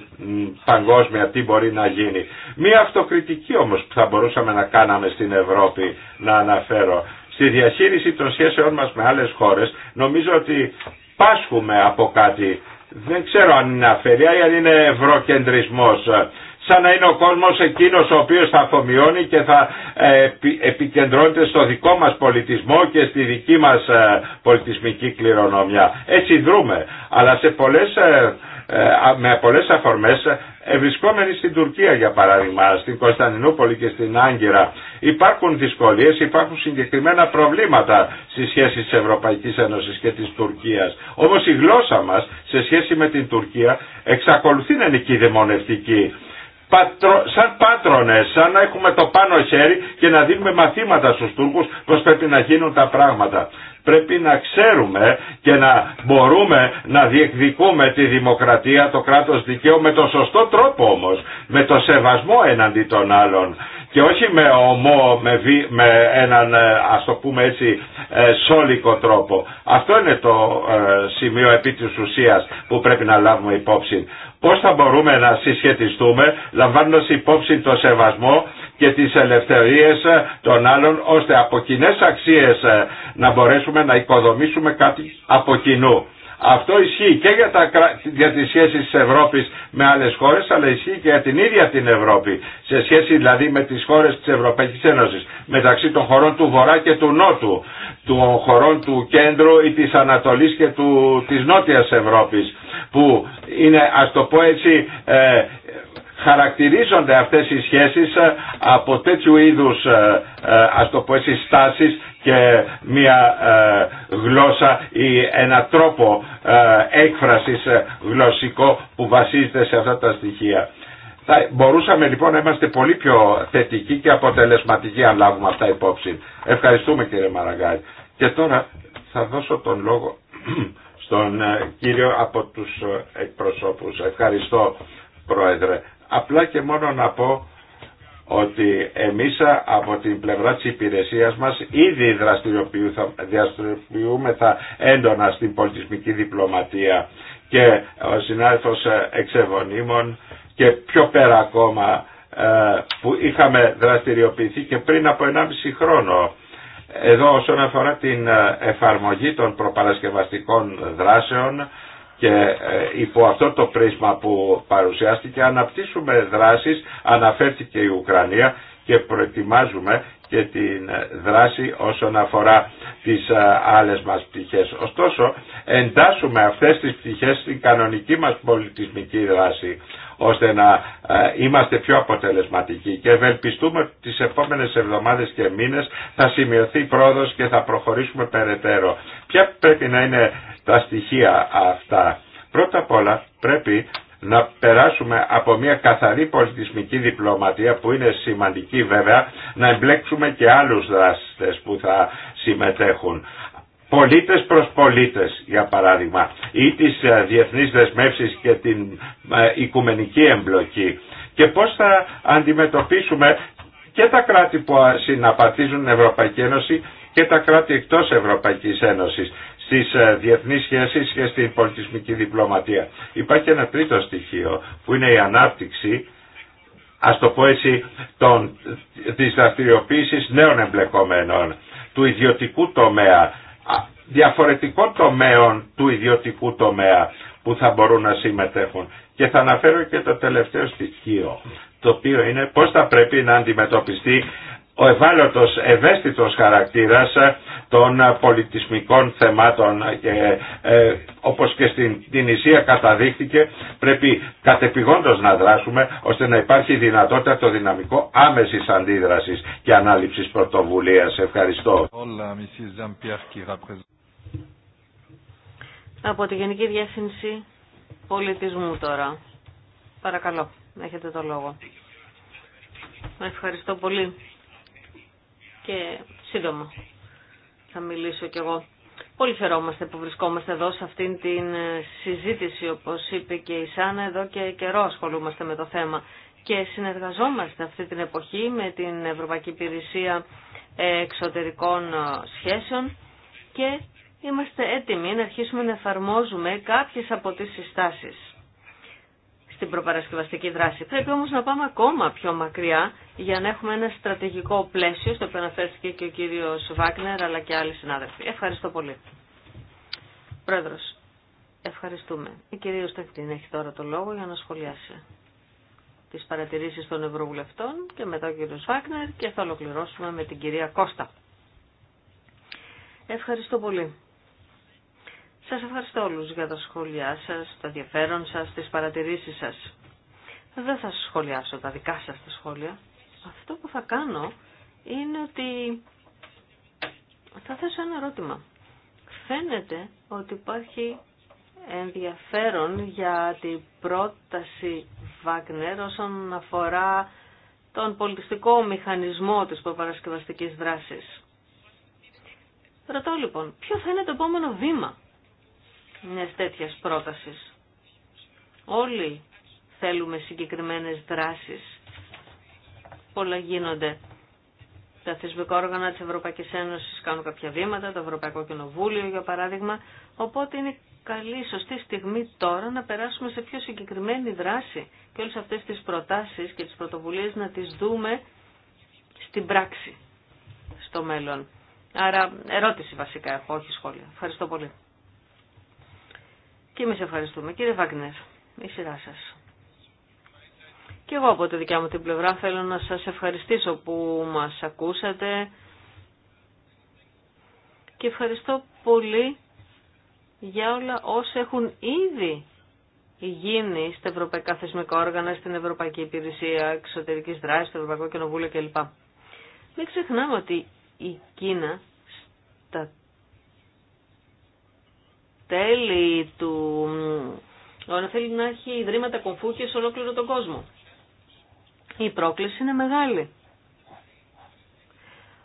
S1: παγκόσμια τι μπορεί να γίνει. Μία αυτοκριτική όμως που θα μπορούσαμε να κάναμε στην Ευρώπη να αναφέρω στη διαχείριση των σχέσεών μας με άλλες χώρες νομίζω ότι πάσχουμε από κάτι. Δεν ξέρω αν είναι αφαιρία ή αν είναι ευρωκεντρισμός σαν να είναι ο κόσμος εκείνος ο οποίος θα αφομοιώνει και θα ε, επικεντρώνεται στο δικό μας πολιτισμό και στη δική μας ε, πολιτισμική κληρονομιά. Έτσι δρούμε, αλλά σε πολλές, ε, με πολλές αφορμές ευρισκόμενοι στην Τουρκία για παράδειγμα, στην Κωνσταντινούπολη και στην Άγκυρα υπάρχουν δυσκολίες, υπάρχουν συγκεκριμένα προβλήματα στις σχέσεις της Ευρωπαϊκής Ένωσης και της Τουρκίας. Όμως η γλώσσα μας σε σχέση με την Τουρκία εξακολουθεί να είναι δαιμονευτική πατρο, σαν πάτρονες, σαν να έχουμε το πάνω χέρι και να δίνουμε μαθήματα στους Τούρκους πώς πρέπει να γίνουν τα πράγματα. Πρέπει να ξέρουμε και να μπορούμε να διεκδικούμε τη δημοκρατία, το κράτος δικαίου με τον σωστό τρόπο όμως, με το σεβασμό εναντί των άλλων και όχι με ομό, με, έναν ε, ας το πούμε έτσι ε, σόλικο τρόπο. Αυτό είναι το ε, σημείο επί της ουσίας που πρέπει να λάβουμε υπόψη. Πώς θα μπορούμε να συσχετιστούμε λαμβάνοντας υπόψη το σεβασμό και τις ελευθερίες των άλλων ώστε από κοινέ αξίες να μπορέσουμε να οικοδομήσουμε κάτι από κοινού. Αυτό ισχύει και για, τα, για τις σχέσεις Ευρώπης με άλλες χώρες, αλλά ισχύει και για την ίδια την Ευρώπη, σε σχέση δηλαδή με τις χώρες της Ευρωπαϊκής Ένωσης, μεταξύ των χωρών του Βορρά και του Νότου, των χωρών του Κέντρου ή της Ανατολής και του, της Νότιας Ευρώπης, που είναι, ας το πω έτσι, ε, χαρακτηρίζονται αυτές οι σχέσεις ε, από τέτοιου είδους ε, ας το στάσεις και μια ε, γλώσσα ή ένα τρόπο ε, έκφρασης ε, γλωσσικό που βασίζεται σε αυτά τα στοιχεία. Θα μπορούσαμε λοιπόν να είμαστε πολύ πιο θετικοί και αποτελεσματικοί αν λάβουμε αυτά υπόψη. Ευχαριστούμε κύριε Μαραγκάλη. Και τώρα θα δώσω τον λόγο (clears throat) στον κύριο από τους εκπροσώπους. Ευχαριστώ πρόεδρε. Απλά και μόνο να πω ότι εμείς ε, από την πλευρά της υπηρεσίας μας ήδη δραστηριοποιούμεθα έντονα στην πολιτισμική διπλωματία και ο συνάδελφος ε, εξεβονίμων και πιο πέρα ακόμα ε, που είχαμε δραστηριοποιηθεί και πριν από 1,5 χρόνο. Εδώ όσον αφορά την εφαρμογή των προπαρασκευαστικών δράσεων και ε, υπό αυτό το πρίσμα που παρουσιάστηκε αναπτύσσουμε δράσεις, αναφέρθηκε η Ουκρανία και προετοιμάζουμε και την ε, δράση όσον αφορά τις ε, άλλες μας πτυχές. Ωστόσο, εντάσσουμε αυτές τις πτυχές στην κανονική μας πολιτισμική δράση, ώστε να είμαστε πιο αποτελεσματικοί και ευελπιστούμε ότι τις επόμενες εβδομάδες και μήνες θα σημειωθεί πρόοδος και θα προχωρήσουμε περαιτέρω. Ποια πρέπει να είναι τα στοιχεία αυτά. Πρώτα απ' όλα πρέπει να περάσουμε από μια καθαρή πολιτισμική διπλωματία που είναι σημαντική βέβαια να εμπλέξουμε και άλλους δράστες που θα συμμετέχουν. Πολίτες προς πολίτες για παράδειγμα ή τις ε, διεθνείς δεσμεύσεις και την ε, οικουμενική εμπλοκή και πώς θα αντιμετωπίσουμε και τα κράτη που συναπαθίζουν Ευρωπαϊκή Ένωση και τα κράτη εκτός Ευρωπαϊκής Ένωσης στις ε, διεθνείς σχέσεις και στην πολιτισμική διπλωματία. Υπάρχει ένα τρίτο στοιχείο που είναι η ανάπτυξη ας το πω έτσι, των, της δραστηριοποίησης νέων εμπλεκομένων, του ιδιωτικού τομέα, διαφορετικών τομέων του ιδιωτικού τομέα που θα μπορούν να συμμετέχουν. Και θα αναφέρω και το τελευταίο στοιχείο, το οποίο είναι πώς θα πρέπει να αντιμετωπιστεί ο ευάλωτος ευαίσθητος χαρακτήρας ε, των ε, πολιτισμικών θεμάτων και ε, όπως και στην Ισία καταδείχθηκε πρέπει κατεπηγόντως να δράσουμε ώστε να υπάρχει δυνατότητα το δυναμικό άμεσης αντίδρασης και ανάληψης πρωτοβουλίας. Ευχαριστώ.
S2: Από τη Γενική Διεύθυνση Πολιτισμού τώρα. Παρακαλώ, έχετε το λόγο. Ευχαριστώ πολύ και σύντομα θα μιλήσω κι εγώ. Πολύ που βρισκόμαστε εδώ σε αυτήν την ε, συζήτηση, όπως είπε και η Σάνα, εδώ και καιρό ασχολούμαστε με το θέμα και συνεργαζόμαστε αυτή την εποχή με την Ευρωπαϊκή Υπηρεσία ε, Εξωτερικών ε, Σχέσεων και είμαστε έτοιμοι να αρχίσουμε να εφαρμόζουμε κάποιες από τις συστάσεις προπαρασκευαστική δράση. Πρέπει όμως να πάμε ακόμα πιο μακριά για να έχουμε ένα στρατηγικό πλαίσιο, στο οποίο αναφέρθηκε και ο κύριος Βάκνερ αλλά και άλλοι συνάδελφοι. Ευχαριστώ πολύ. Πρόεδρος, ευχαριστούμε. Η κυρία Στακτίν έχει τώρα το λόγο για να σχολιάσει τις παρατηρήσεις των Ευρωβουλευτών και μετά ο κύριος Βάκνερ και θα ολοκληρώσουμε με την κυρία Κώστα. Ευχαριστώ πολύ. Σας ευχαριστώ όλους για τα σχόλιά σας, τα ενδιαφέρον σας, τις παρατηρήσεις σας. Δεν θα σας σχολιάσω τα δικά σας τα σχόλια. Αυτό που θα κάνω είναι ότι θα θέσω ένα ερώτημα. Φαίνεται ότι υπάρχει ενδιαφέρον για την πρόταση Βάγνερ όσον αφορά τον πολιτιστικό μηχανισμό της προπαρασκευαστικής δράσης. Ρωτώ λοιπόν, ποιο θα είναι το επόμενο βήμα μια τέτοια πρόταση. Όλοι θέλουμε συγκεκριμένες δράσεις. Πολλά γίνονται. Τα θεσμικά όργανα της Ευρωπαϊκής Ένωσης κάνουν κάποια βήματα, το Ευρωπαϊκό Κοινοβούλιο για παράδειγμα, οπότε είναι καλή, σωστή στιγμή τώρα να περάσουμε σε πιο συγκεκριμένη δράση και όλες αυτές τις προτάσεις και τις πρωτοβουλίες να τις δούμε στην πράξη στο μέλλον. Άρα ερώτηση βασικά έχω, όχι σχόλια. Ευχαριστώ πολύ. Και εμεί ευχαριστούμε. Κύριε Βάγκνερ, η σειρά σα. Και εγώ από τη δικιά μου την πλευρά θέλω να σας ευχαριστήσω που μας ακούσατε και ευχαριστώ πολύ για όλα όσα έχουν ήδη γίνει στα ευρωπαϊκά θεσμικά όργανα, στην Ευρωπαϊκή Υπηρεσία Εξωτερικής Δράσης, στο Ευρωπαϊκό Κοινοβούλιο κλπ. Μην ξεχνάμε ότι η Κίνα στα τέλη του θέλει να έχει ιδρύματα Κομφούκη σε ολόκληρο τον κόσμο. Η πρόκληση είναι μεγάλη.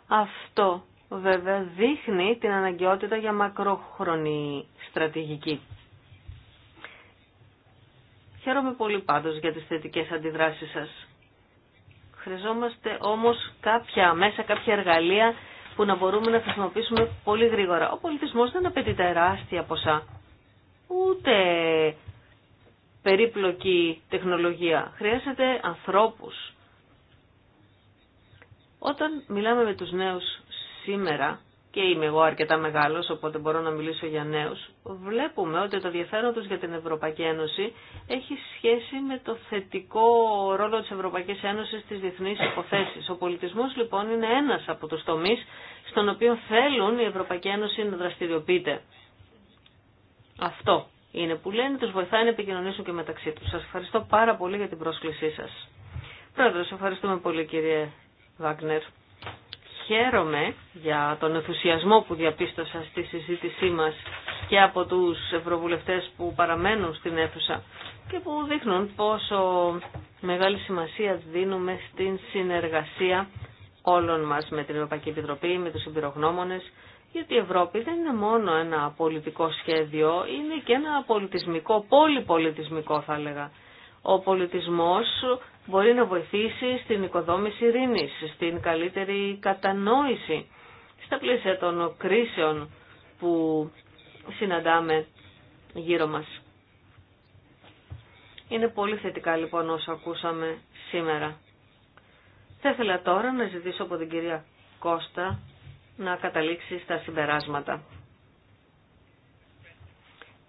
S2: Αυτό βέβαια δείχνει την αναγκαιότητα για μακρόχρονη στρατηγική. Χαίρομαι πολύ πάντως για τις θετικές αντιδράσεις σας. Χρειαζόμαστε όμως κάποια μέσα, κάποια εργαλεία που να μπορούμε να χρησιμοποιήσουμε πολύ γρήγορα. Ο πολιτισμός δεν απαιτεί τεράστια ποσά, ούτε περίπλοκη τεχνολογία. Χρειάζεται ανθρώπους. Όταν μιλάμε με τους νέους σήμερα, και είμαι εγώ αρκετά μεγάλο, οπότε μπορώ να μιλήσω για νέου. βλέπουμε ότι το ενδιαφέρον του για την Ευρωπαϊκή Ένωση έχει σχέση με το θετικό ρόλο τη Ευρωπαϊκή Ένωση στις διεθνεί υποθέσει. Ο πολιτισμό λοιπόν είναι ένα από του τομεί στον οποίο θέλουν η Ευρωπαϊκή Ένωση να δραστηριοποιείται. Αυτό είναι που λένε, Του βοηθάει να επικοινωνήσουν και μεταξύ του. Σα ευχαριστώ πάρα πολύ για την πρόσκλησή σα. Πρόεδρο ευχαριστούμε πολύ κύριε Βάγκνερ. Χαίρομαι για τον ενθουσιασμό που διαπίστωσα στη συζήτησή μας και από τους ευρωβουλευτές που παραμένουν στην αίθουσα και που δείχνουν πόσο μεγάλη σημασία δίνουμε στην συνεργασία όλων μας με την Ευρωπαϊκή Επιτροπή, με τους εμπειρογνώμονες, γιατί η Ευρώπη δεν είναι μόνο ένα πολιτικό σχέδιο, είναι και ένα πολιτισμικό, πολυπολιτισμικό θα έλεγα ο πολιτισμός μπορεί να βοηθήσει στην οικοδόμηση ειρήνης, στην καλύτερη κατανόηση στα πλαίσια των κρίσεων που συναντάμε γύρω μας. Είναι πολύ θετικά λοιπόν όσα ακούσαμε σήμερα. Θα ήθελα τώρα να ζητήσω από την κυρία Κώστα να καταλήξει στα συμπεράσματα.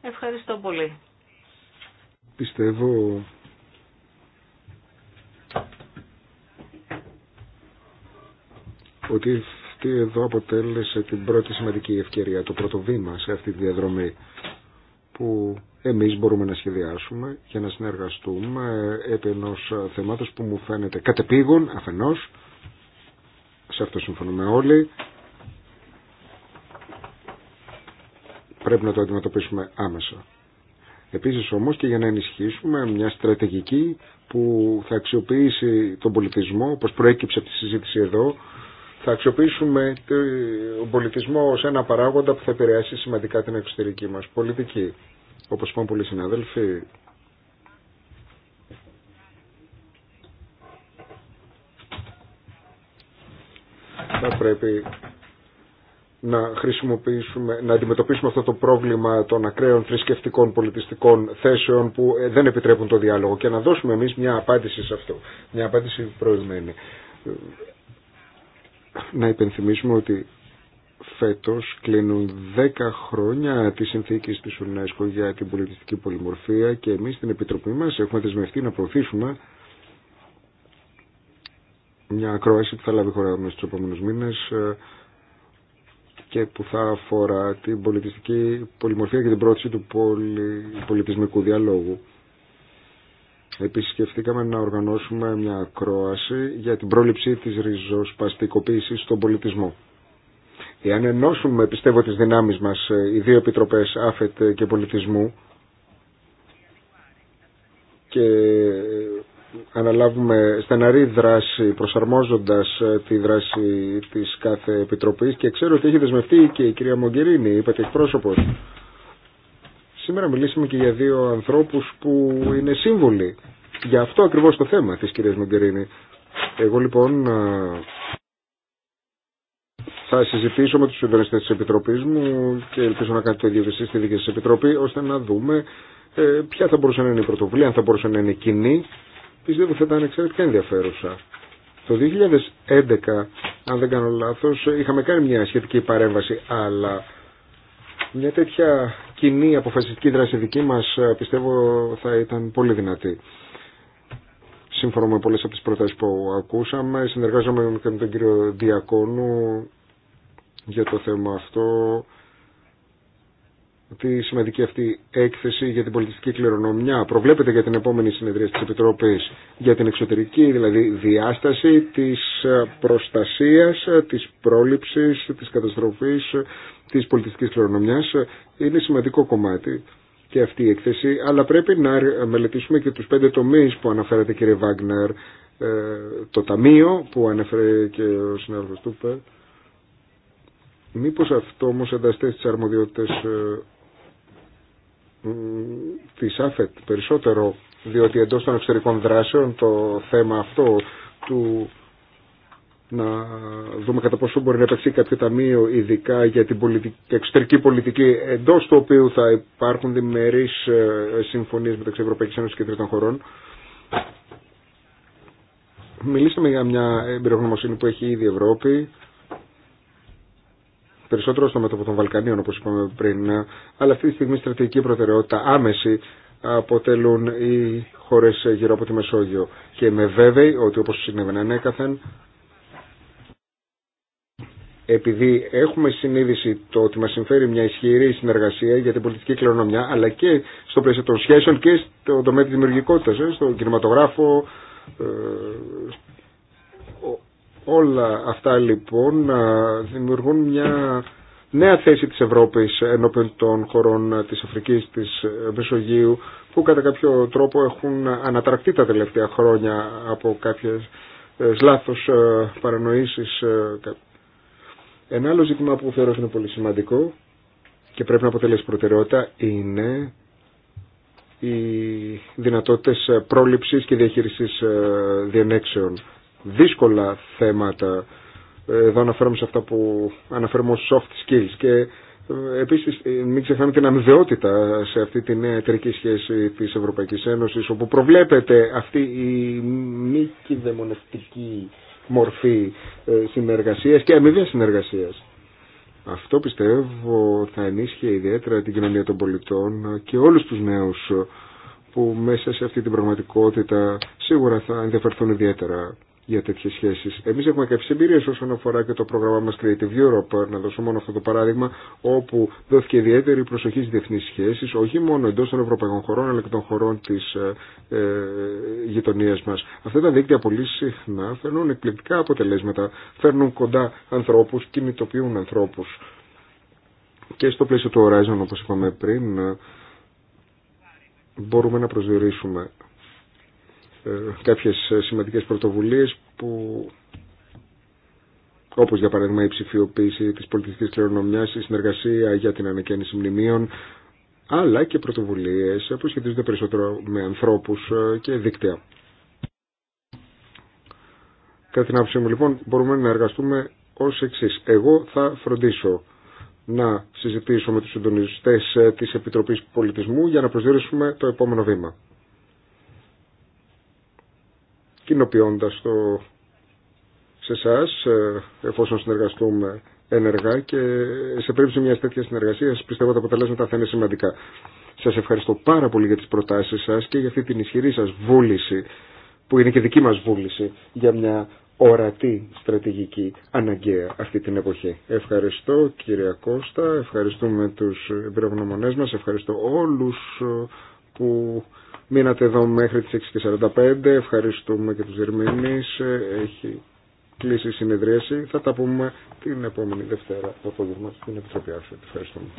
S2: Ευχαριστώ πολύ.
S3: Πιστεύω ότι αυτή εδώ αποτέλεσε την πρώτη σημαντική ευκαιρία, το πρώτο βήμα σε αυτή τη διαδρομή που εμείς μπορούμε να σχεδιάσουμε και να συνεργαστούμε επί ενός θεμάτος που μου φαίνεται κατεπήγον αφενός, σε αυτό συμφωνούμε όλοι, πρέπει να το αντιμετωπίσουμε άμεσα. Επίσης όμως και για να ενισχύσουμε μια στρατηγική που θα αξιοποιήσει τον πολιτισμό, όπω προέκυψε από τη συζήτηση εδώ, θα αξιοποιήσουμε τον πολιτισμό ως ένα παράγοντα που θα επηρεάσει σημαντικά την εξωτερική μας πολιτική. Όπως είπαν πολλοί συνάδελφοι, θα πρέπει να χρησιμοποιήσουμε, να αντιμετωπίσουμε αυτό το πρόβλημα των ακραίων θρησκευτικών πολιτιστικών θέσεων που ε, δεν επιτρέπουν το διάλογο και να δώσουμε εμείς μια απάντηση σε αυτό, μια απάντηση προηγμένη να υπενθυμίσουμε ότι φέτος κλείνουν 10 χρόνια τη συνθήκη της UNESCO για την πολιτιστική πολυμορφία και εμείς στην Επιτροπή μας έχουμε δεσμευτεί να προωθήσουμε μια ακρόαση που θα λάβει χώρα μέσα στους επόμενους μήνες ε, και που θα αφορά την πολιτιστική πολυμορφία και την πρόθεση του πολυ... πολιτισμικού διαλόγου επισκεφτήκαμε να οργανώσουμε μια ακρόαση για την πρόληψη της ριζοσπαστικοποίησης στον πολιτισμό. Εάν ενώσουμε, πιστεύω, τις δυνάμεις μας, ε, οι δύο επιτροπές ΑΦΕΤ και πολιτισμού και ε, αναλάβουμε στεναρή δράση προσαρμόζοντας ε, τη δράση της κάθε επιτροπής και ξέρω ότι έχει δεσμευτεί και η κυρία Μογκερίνη, είπατε εκπρόσωπος, Σήμερα μιλήσαμε και για δύο ανθρώπους που είναι σύμβολοι για αυτό ακριβώς το θέμα της κυρίας Μογκερίνη. Εγώ λοιπόν θα συζητήσω με τους συντονιστές της Επιτροπής μου και ελπίζω να κάνετε το ίδιο και στη δική της Επιτροπή ώστε να δούμε ε, ποια θα μπορούσε να είναι η πρωτοβουλία, αν θα μπορούσε να είναι κοινή. Πιστεύω θα ήταν εξαιρετικά ενδιαφέρουσα. Το 2011, αν δεν κάνω λάθος, είχαμε κάνει μια σχετική παρέμβαση, αλλά μια τέτοια κοινή αποφασιστική δράση δική μας ε, πιστεύω θα ήταν πολύ δυνατή. Σύμφωνα με πολλές από τις προτάσεις που ακούσαμε, συνεργάζομαι και με τον κύριο Διακόνου για το θέμα αυτό τη σημαντική αυτή έκθεση για την πολιτιστική κληρονομιά προβλέπεται για την επόμενη συνεδρία της Επιτροπής για την εξωτερική δηλαδή διάσταση της ε, προστασίας, ε, της πρόληψης, της καταστροφής ε, της πολιτιστικής κληρονομιάς είναι σημαντικό κομμάτι και αυτή η έκθεση αλλά πρέπει να μελετήσουμε και τους πέντε τομείς που αναφέρατε κύριε Βάγκνερ το ταμείο που ανέφερε και ο συνάδελφος του Μήπως αυτό όμως ενταστεί στις αρμοδιότητες της ΑΦΕΤ περισσότερο, διότι εντός των εξωτερικών δράσεων το θέμα αυτό του να δούμε κατά πόσο μπορεί να επεξεί κάποιο ταμείο ειδικά για την πολιτική, εξωτερική πολιτική εντός του οποίου θα υπάρχουν διμερείς ε, συμφωνίες μεταξύ Ευρωπαϊκής Ένωσης και τρίτων χωρών. Μιλήσαμε για μια εμπειρογνωμοσύνη που έχει ήδη η Ευρώπη περισσότερο στο μέτωπο των Βαλκανίων όπω είπαμε πριν, αλλά αυτή τη στιγμή στρατηγική προτεραιότητα άμεση αποτελούν οι χώρε γύρω από τη Μεσόγειο. Και είμαι βέβαιη ότι όπω συνέβαινε ανέκαθεν, επειδή έχουμε συνείδηση το ότι μα συμφέρει μια ισχυρή συνεργασία για την πολιτική κληρονομιά, αλλά και στο πλαίσιο των σχέσεων και στον τομέα τη δημιουργικότητα ε, στον κινηματογράφο, ε, Όλα αυτά λοιπόν δημιουργούν μια νέα θέση της Ευρώπης ενώπιον των χωρών της Αφρικής, της Μεσογείου που κατά κάποιο τρόπο έχουν ανατρακτεί τα τελευταία χρόνια από κάποιες ε, λάθος ε, παρανοήσεις. Ε, Ένα άλλο ζήτημα που θεωρώ είναι πολύ σημαντικό και πρέπει να αποτελέσει προτεραιότητα είναι οι δυνατότητες πρόληψης και διαχείρισης διενέξεων δύσκολα θέματα. Εδώ αναφέρομαι σε αυτά που αναφέρουμε ως soft skills και ε, επίσης ε, μην ξεχνάμε την αμοιβαιότητα σε αυτή τη νέα εταιρική σχέση της Ευρωπαϊκής Ένωσης όπου προβλέπεται αυτή η μη κυδαιμονευτική μορφή ε, συνεργασίας και αμοιβία συνεργασίας. Αυτό πιστεύω θα ενίσχυε ιδιαίτερα την κοινωνία των πολιτών και όλους τους νέους που μέσα σε αυτή την πραγματικότητα σίγουρα θα ενδιαφερθούν ιδιαίτερα για τέτοιε σχέσει. Εμεί έχουμε κάποιε εμπειρίε όσον αφορά και το πρόγραμμά μα Creative Europe, να δώσω μόνο αυτό το παράδειγμα, όπου δόθηκε ιδιαίτερη προσοχή στι διεθνεί σχέσει, όχι μόνο εντό των ευρωπαϊκών χωρών, αλλά και των χωρών τη ε, ε, γειτονίας μας. Αυτά τα δίκτυα πολύ συχνά φέρνουν εκπληκτικά αποτελέσματα, φέρνουν κοντά ανθρώπου, κινητοποιούν ανθρώπου Και στο πλαίσιο του Horizon, όπω είπαμε πριν, ε, μπορούμε να προσδιορίσουμε ε, κάποιες σημαντικές πρωτοβουλίες που όπως για παράδειγμα η ψηφιοποίηση της πολιτιστικής κληρονομιάς, η συνεργασία για την ανακαίνιση μνημείων, αλλά και πρωτοβουλίες που σχετίζονται περισσότερο με ανθρώπους ε, και δίκτυα. Κατά την άποψή μου λοιπόν μπορούμε να εργαστούμε ως εξή. Εγώ θα φροντίσω να συζητήσω με τους συντονιστές ε, της Επιτροπής Πολιτισμού για να προσδιορίσουμε το επόμενο βήμα κοινοποιώντας το σε εσά, ε, εφόσον συνεργαστούμε ενεργά και σε περίπτωση μια τέτοια συνεργασία πιστεύω τα αποτελέσματα θα είναι σημαντικά. Σας ευχαριστώ πάρα πολύ για τις προτάσεις σας και για αυτή την ισχυρή σα βούληση που είναι και δική μας βούληση για μια ορατή στρατηγική αναγκαία αυτή την εποχή. Ευχαριστώ κύριε Κώστα, ευχαριστούμε τους εμπειρογνωμονές μας, ευχαριστώ όλους ε, που Μείνατε εδώ μέχρι τις 6.45. Ευχαριστούμε και τους Δερμήνης. Έχει κλείσει η συνεδρίαση. Θα τα πούμε την επόμενη Δευτέρα το απόγευμα στην Επιτροπή Άρθρα. Ευχαριστούμε.